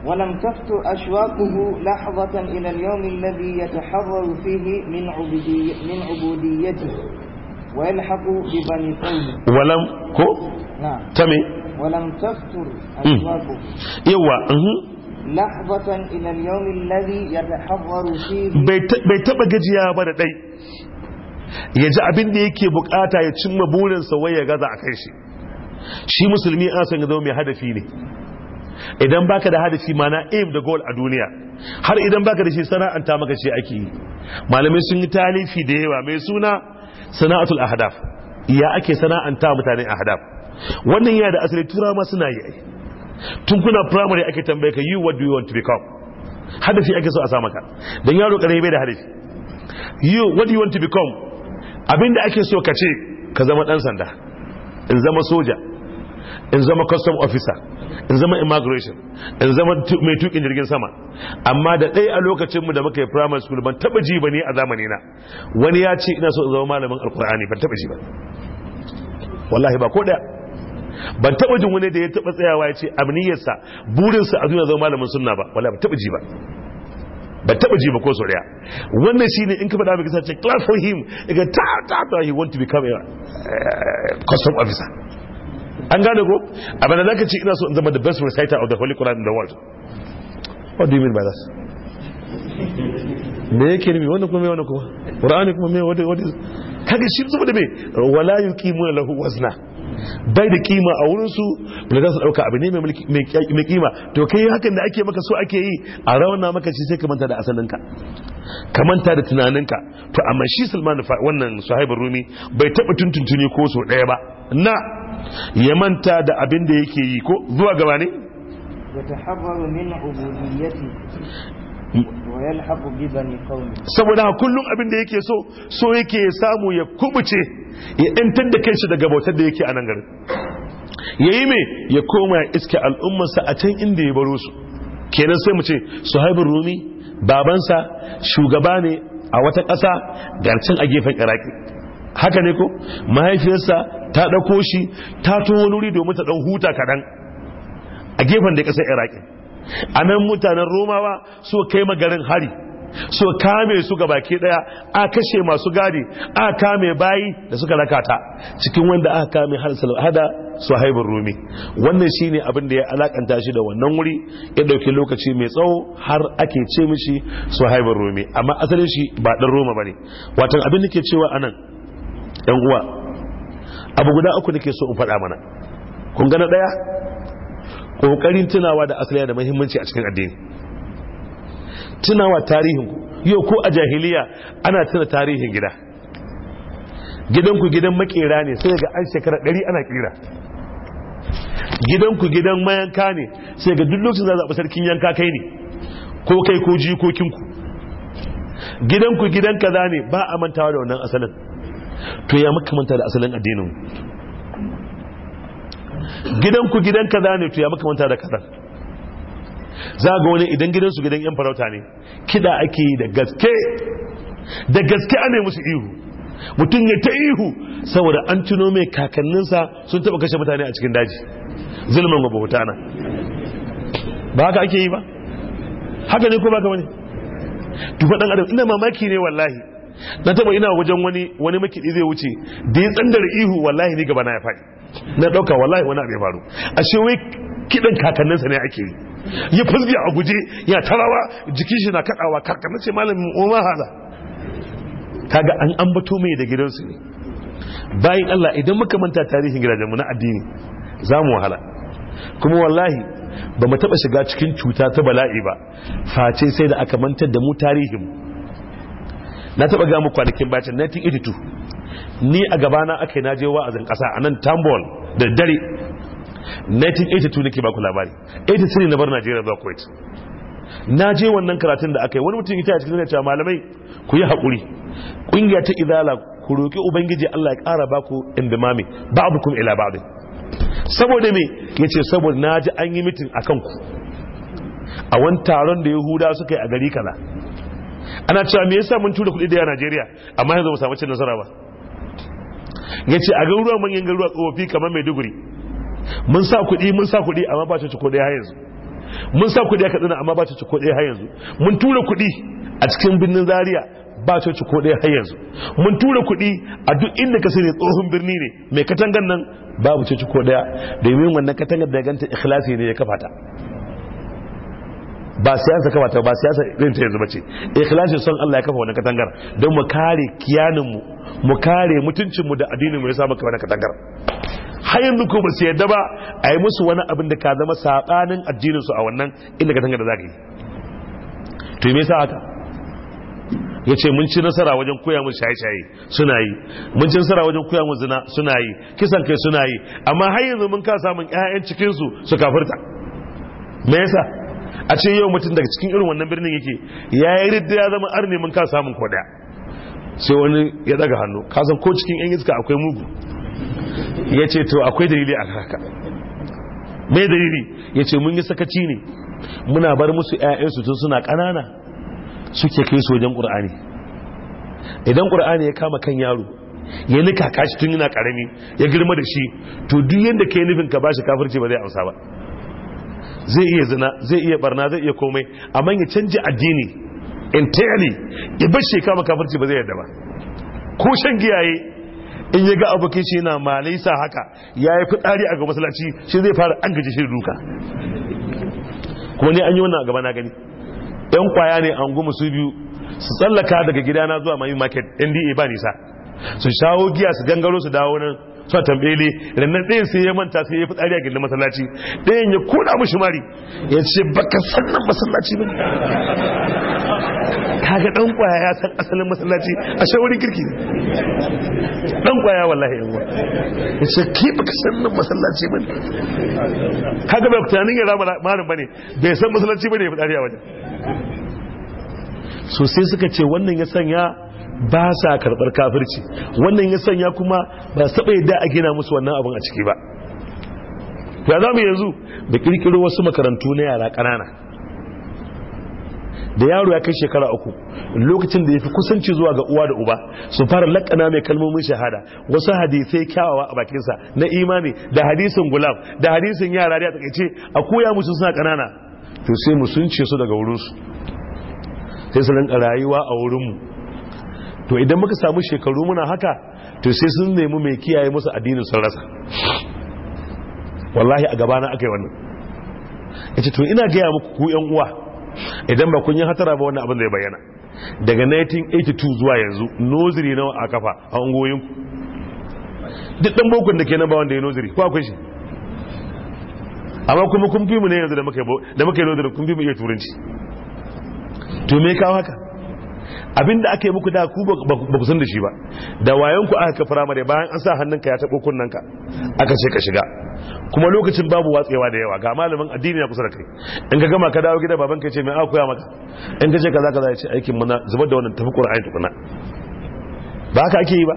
ولم تفت أشواقه لحظة إلى اليوم الذي يتحرر فيه من, عبودي من عبوديته ويلحق ببني قومه ولم كو نعم تمي ولم تفتر أشواقه يوا أمم. لحظة إلى اليوم الذي يتحرر فيه بيت بيت لدي ya ji abin ديك يبقى أتا ya بولن سوية wai ya شي مسلمي kai shi shi idan baka da hadisi mana aim da goal a duniya har idan baka da shi sana'anta maka shi ake yi malamai sun yi talifi da yawa mai suna sana'atul ahdaf ya ake sana'anta mutane ahdaf wannan yana da asali tura ma suna yi tun kuna primary ake tambaye ka you what do you want to become hadisi ake so a sa maka dan yaro kare bai da hadisi you what do you want to become abinda ake so ka ce ka zama dan sanda in zama soja in zama custom officer in zama immigration in zama mai tukin jirgin sama amma da ɗaya a lokacinmu da muka yi primary school ban taɓa ji ba ne a zamani na wani ya ce ina so in zama malamin alkur'ani ban taɓa ji ba wallahi ba ko ɗaya ban taɓa jin wani da ya taɓa tsayawa ya ce amniyarsa burinsa a duniya zama malamin sunna ba wallahi ban taba ji ba ban taɓa ji ba ko so ɗaya wannan shine in ka faɗa maka sai clap for him ga ta ta ta he want to become a eh, custom officer an gane ko a bana zaka ce ina so in zama the best reciter of the holy quran in the world what do you mean by that me yake nufi wannan kuma me wannan kuma qur'ani kuma me wani wani kaga shi da me wala yuqimu lahu wazna bai da kima a wurin su ba za su dauka abu ne mai mai kima to kai hakan da ake maka so ake yi a rawana maka shi sai ka manta da asalinka ka manta da tunaninka to amma shi Sulman wannan Sahibul Rumi bai taba tuntuntuni ko so daya ba na ya manta da abin da yake yi ko zuwa gaba ne saboda kullum abin da yake so so yake samu ya kubuce ya intar da kanshi daga bautar da yake a nan garin ya yi mai ya koma ya iske al'ummarsa a can inda ya baro su kenan sai mu ce su suhaibin rumi babansa shugaba ne a wata ƙasa garcin a gefen iraki haka ne ko mahaifiyarsa ta ɗauko shi ta to wani wuri domin ta ɗan huta kaɗan a gefen da ƙasar iraki a nan mutanen romawa so kai magarin hari so kame su ga baki ɗaya a kashe masu gadi a kame bayi da suka lakata cikin wanda aka kame har hada su haibin rumi wannan shine abin da ya alakanta shi da wannan wuri ya ɗauki lokaci mai tsawo har ake ce mishi su haibin rumi amma asalin shi ba ɗan roma ba ne watan abin da ke cewa anan yan uwa abu guda uku nake so in faɗa mana kun na ɗaya ƙoƙarin tunawa da asali da muhimmanci a cikin addini tunawa tarihin ku yau ko a jahiliya ana tuna tarihin gida gidanku gidan makera ne sai ga an shekara ɗari ana kira gidanku gidan mayanka ne sai ga duk lokacin za zaɓi sarkin yanka kai ne ko kai ko jikokinku gidanku gidan kaza ne ba a mantawa da wannan asalin to ya muka manta da asalin addinin ku. gidan kaza ne to ya muka manta da kaza za ga wani idan gidan su gidan yan farauta ne kida ake da gaske da gaske ana musu ihu mutum ya ta ihu saboda an tuno mai kakanninsa sun taba kashe mutane a cikin daji zulmin wa bautana ba haka ake yi ba haka ne ko ba ka wani tufa dan adam ina mamaki ne wallahi na taba ina wajen wani wani makidi zai wuce da ya tsandar ihu wallahi ni gaba na ya faɗi na ɗauka wallahi wani abu ya faru wai kiɗan kakanninsa ne ake yi ya fusge a guje ya tarawa jikin shi na kaɗawa kakannin ce malamin umma hala kaga an ambato mai da gidansu ne bayan Allah idan muka manta tarihin gidajenmu na addini zamu wahala kuma wallahi ba mu taba shiga cikin cuta ta bala'i ba face sai da aka mantar da mu tarihin na taba ga muku kwanakin bacin 1982 ni a gabana aka yi naje wa'azin kasa a nan tambol da dare 1982 nake baku labari 83 na bar najeriya zuwa kuwait na je wannan karatun da aka yi wani mutum ita a cikin cewa malamai ku yi haƙuri ƙungiya ta izala ku roƙi ubangiji allah ya ƙara baku indimami kuma ila ba'din saboda me yace saboda na ji an yi mitin kan ku a wani taron da yahuda suka yi a gari kaza ana cewa me yasa mun tura kuɗi da yawa Najeriya amma yanzu ba samu cin nasara ba yace a garuruwan manyan garuruwa tsofi kamar Maiduguri mun sa kuɗi mun sa kuɗi amma ba ta ci kuɗi har yanzu mun sa kuɗi a Katsina amma ba ta ci kuɗi har yanzu mun tura kuɗi a cikin birnin Zaria ba coci ko ɗaya har yanzu mun tura kuɗi a duk inda ka sani tsohon birni ne mai katangar nan babu coci ko ɗaya domin wannan katangar da ganta ikhlasi ne ya kafa ta ba siyasa kama ta ba siyasa irin ta yanzu bace ikhlasin son Allah ya kafa wannan katangar don mu kare kiyanin mu mu kare mutuncin mu da addinin mu ya samu kafa katangar har yanzu ko ba su yadda ba a yi musu wani abin da ka zama sabanin addinin su a wannan inda katangar da zaka yi to me yasa haka ya ce mun ci nasara wajen koya mun shaye-shaye suna yi mun ci nasara wajen koya mun zina suna yi kisan kai suna yi amma har yanzu mun ka samun 'ya'yan cikinsu su kafirta me yasa a ce yau mutum daga cikin irin wannan birnin yake ya yi ridda ya zama arni mun ka samun ko sai wani ya daga hannu kasan ko cikin yan iska akwai mugu ya ce to akwai dalili a haka mai dalili ya ce mun yi sakaci ne muna bar musu 'ya'yansu tun suna ƙanana suke kai su wajen ƙur'ani idan ƙur'ani ya kama kan yaro ya nika kashi tun yana ƙarami ya girma da shi to duk yadda ka nufin ka ba shi kafirci ba zai amsa ba zai iya zina zai iya barna zai iya komai amma ya canji addini entirely ya bar shi kama kafirci ba zai yarda ba ko shan giyaye in ya ga abokin shi na malaisa haka ya yi fitsari a ga masallaci shi zai fara an gaji shi duka kuma ne an yi wannan a gaba na gani yan kwaya ne an goma su biyu su tsallaka daga gidana zuwa mai market nda ba nisa su shawo giya su gangaro su dawo nan suna tambele rannan ɗayan sai ya manta sai ya fi tsari a gindin masallaci ɗayan ya kuna mushi mari ya ce baka sannan masallaci ba kaga dan kwaya ya san asalin masallaci a shawarin kirki dan kwaya wallahi yawa ya ce ki baka sannan masallaci ba kaga bai tunanin ya rama marin bane bai san masallaci bane ya fi tsari a wajen so sai suka ce wannan ya sanya ba sa karɓar kafirci wannan ya sanya kuma ba saɓa yadda a gina musu wannan abin a ciki ba ya za mu yanzu da ƙirƙiro wasu makarantu na yara ƙanana da yaro ya kai shekara uku lokacin da ya fi kusanci zuwa ga uwa da uba su fara lakana mai kalmomin shahada wasu hadisai kyawawa a bakinsa na imani da hadisin gulam da hadisin yara da ya takaice a koya musu suna ƙanana to sai mu sun ce su daga wurinsu sai su rinka rayuwa a wurinmu to idan muka samu shekaru muna haka to sai sun nemi mai kiyaye musu addinin sun rasa wallahi a gabana aka yi wannan ya ce to ina gaya muku ku yan uwa idan ba kun yi hatara ba wannan abin zai bayyana daga 1982 zuwa yanzu noziri nawa a kafa a ungoyinku duk dan bokun da ke nan ba wanda ya noziri ko akwai shi amma kuma kun fi mu ne yanzu da muka yi noziri kun fi mu iya turanci to me kawo haka abinda aka yi muku da ku ba ku san da shi ba da wayan ku aka firamare bayan an sa hannunka ya taɓo ka aka ce ka shiga kuma lokacin babu watsewa da yawa ga malamin addini na kusa da kai in ka gama ka dawo gida babanka ya ce mai aka koya maka in ka ce kaza kaza ya ce aikin muna zubar da wannan tafi qur'ani tukuna ba haka ake yi ba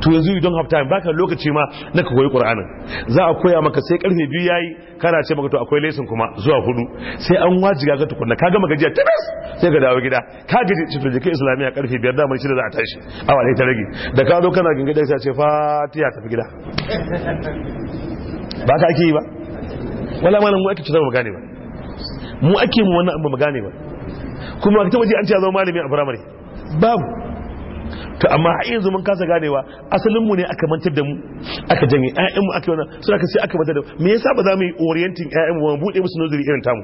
to yanzu you don't have time baka lokaci ma na ka koyi qur'anin za a koya maka sai karfe biyu yayi kana ce maka to akwai lesson kuma zuwa hudu sai an wajiga ka tukunna ka gama gajiya tabbas sai ka dawo gida ka gaji ce to je islamiya karfe biyar da mai shida za a tashi awa dai ta rage da ka zo kana gangada sai ce fatiha tafi gida ba ka ake yi ba wala malam mu ake ci zama gane ba mu ake mu wannan abu mu gane ba kuma ka taba ji an ce zama malami a firamare babu to amma har yanzu mun kasa ganewa asalin mu ne aka mantar da mu aka janye ƴaƴan mu aka wannan sai aka sai aka mantar da mu me yasa ba za mu yi orienting ƴaƴan mu mu bude musu nazari irin tamu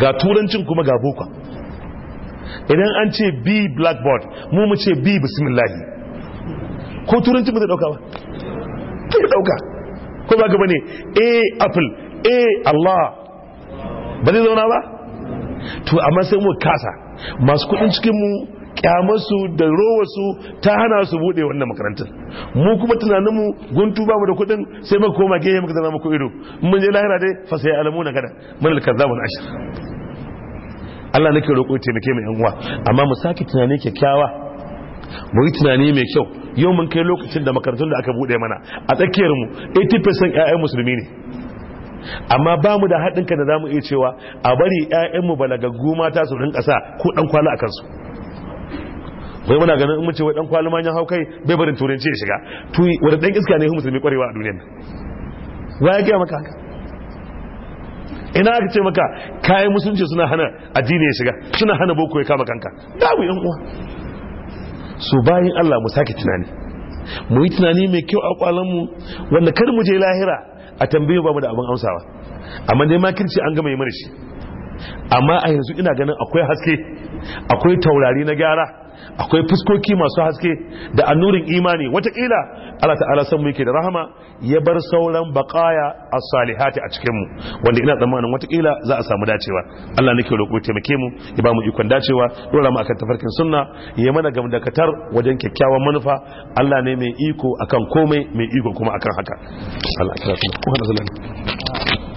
ga turancin kuma ga boko idan an ce b blackboard mu mu ce b bismillah ko turancin mu zai dauka ba ke dauka ko ba ga bane a apple a allah ba zai zauna ba to amma sai mu kasa masu kudin cikin mu kyamarsu da rowarsu ta hana su bude wannan makarantar mu kuma tunaninmu guntu ba mu da kudin sai muka koma gehe muka zama muku ido mun je lahira dai fa sai alamu na gada mun alkazabun ashir Allah nake roƙo ta nake mai uwa amma mu saki tunani kyakkyawa mu yi tunani mai kyau yau mun kai lokacin da makarantun da aka bude mana a tsakiyar mu 80% ƴaƴan musulmi ne amma ba mu da haɗin kan da zamu mu iya cewa a bari mu balagaggu mata su rinƙasa ko ɗan kwana a kansu wai muna ganin in mace ce wai dan kwalima ya hau kai bai barin turanci ya shiga to wanda dan iska ne musulmi kwarewa a duniyar wa ya maka haka ina aka ce maka kayan musulunci suna hana addini ya shiga suna hana boko ya kama kanka dawo yan uwa su bayin Allah mu sake tunani mu yi tunani mai kyau a mu wanda kar mu je lahira a tambaye ba mu da abin amsawa amma dai makirci an gama yi mana shi amma a yanzu ina ganin akwai haske akwai taurari na gyara akwai fuskoki masu haske da annurin imani watakila Allah ta'ala san mu yake da rahama ya bar sauran baqaya as-salihati a cikin mu wanda ina tsammanin watakila za a samu dacewa Allah nake roƙo taimake mu ya ba mu ikon dacewa dora mu akan tafarkin sunna ya mana katar wajen kyakkyawan manufa Allah ne mai iko akan komai mai iko kuma akan haka Allah ta'ala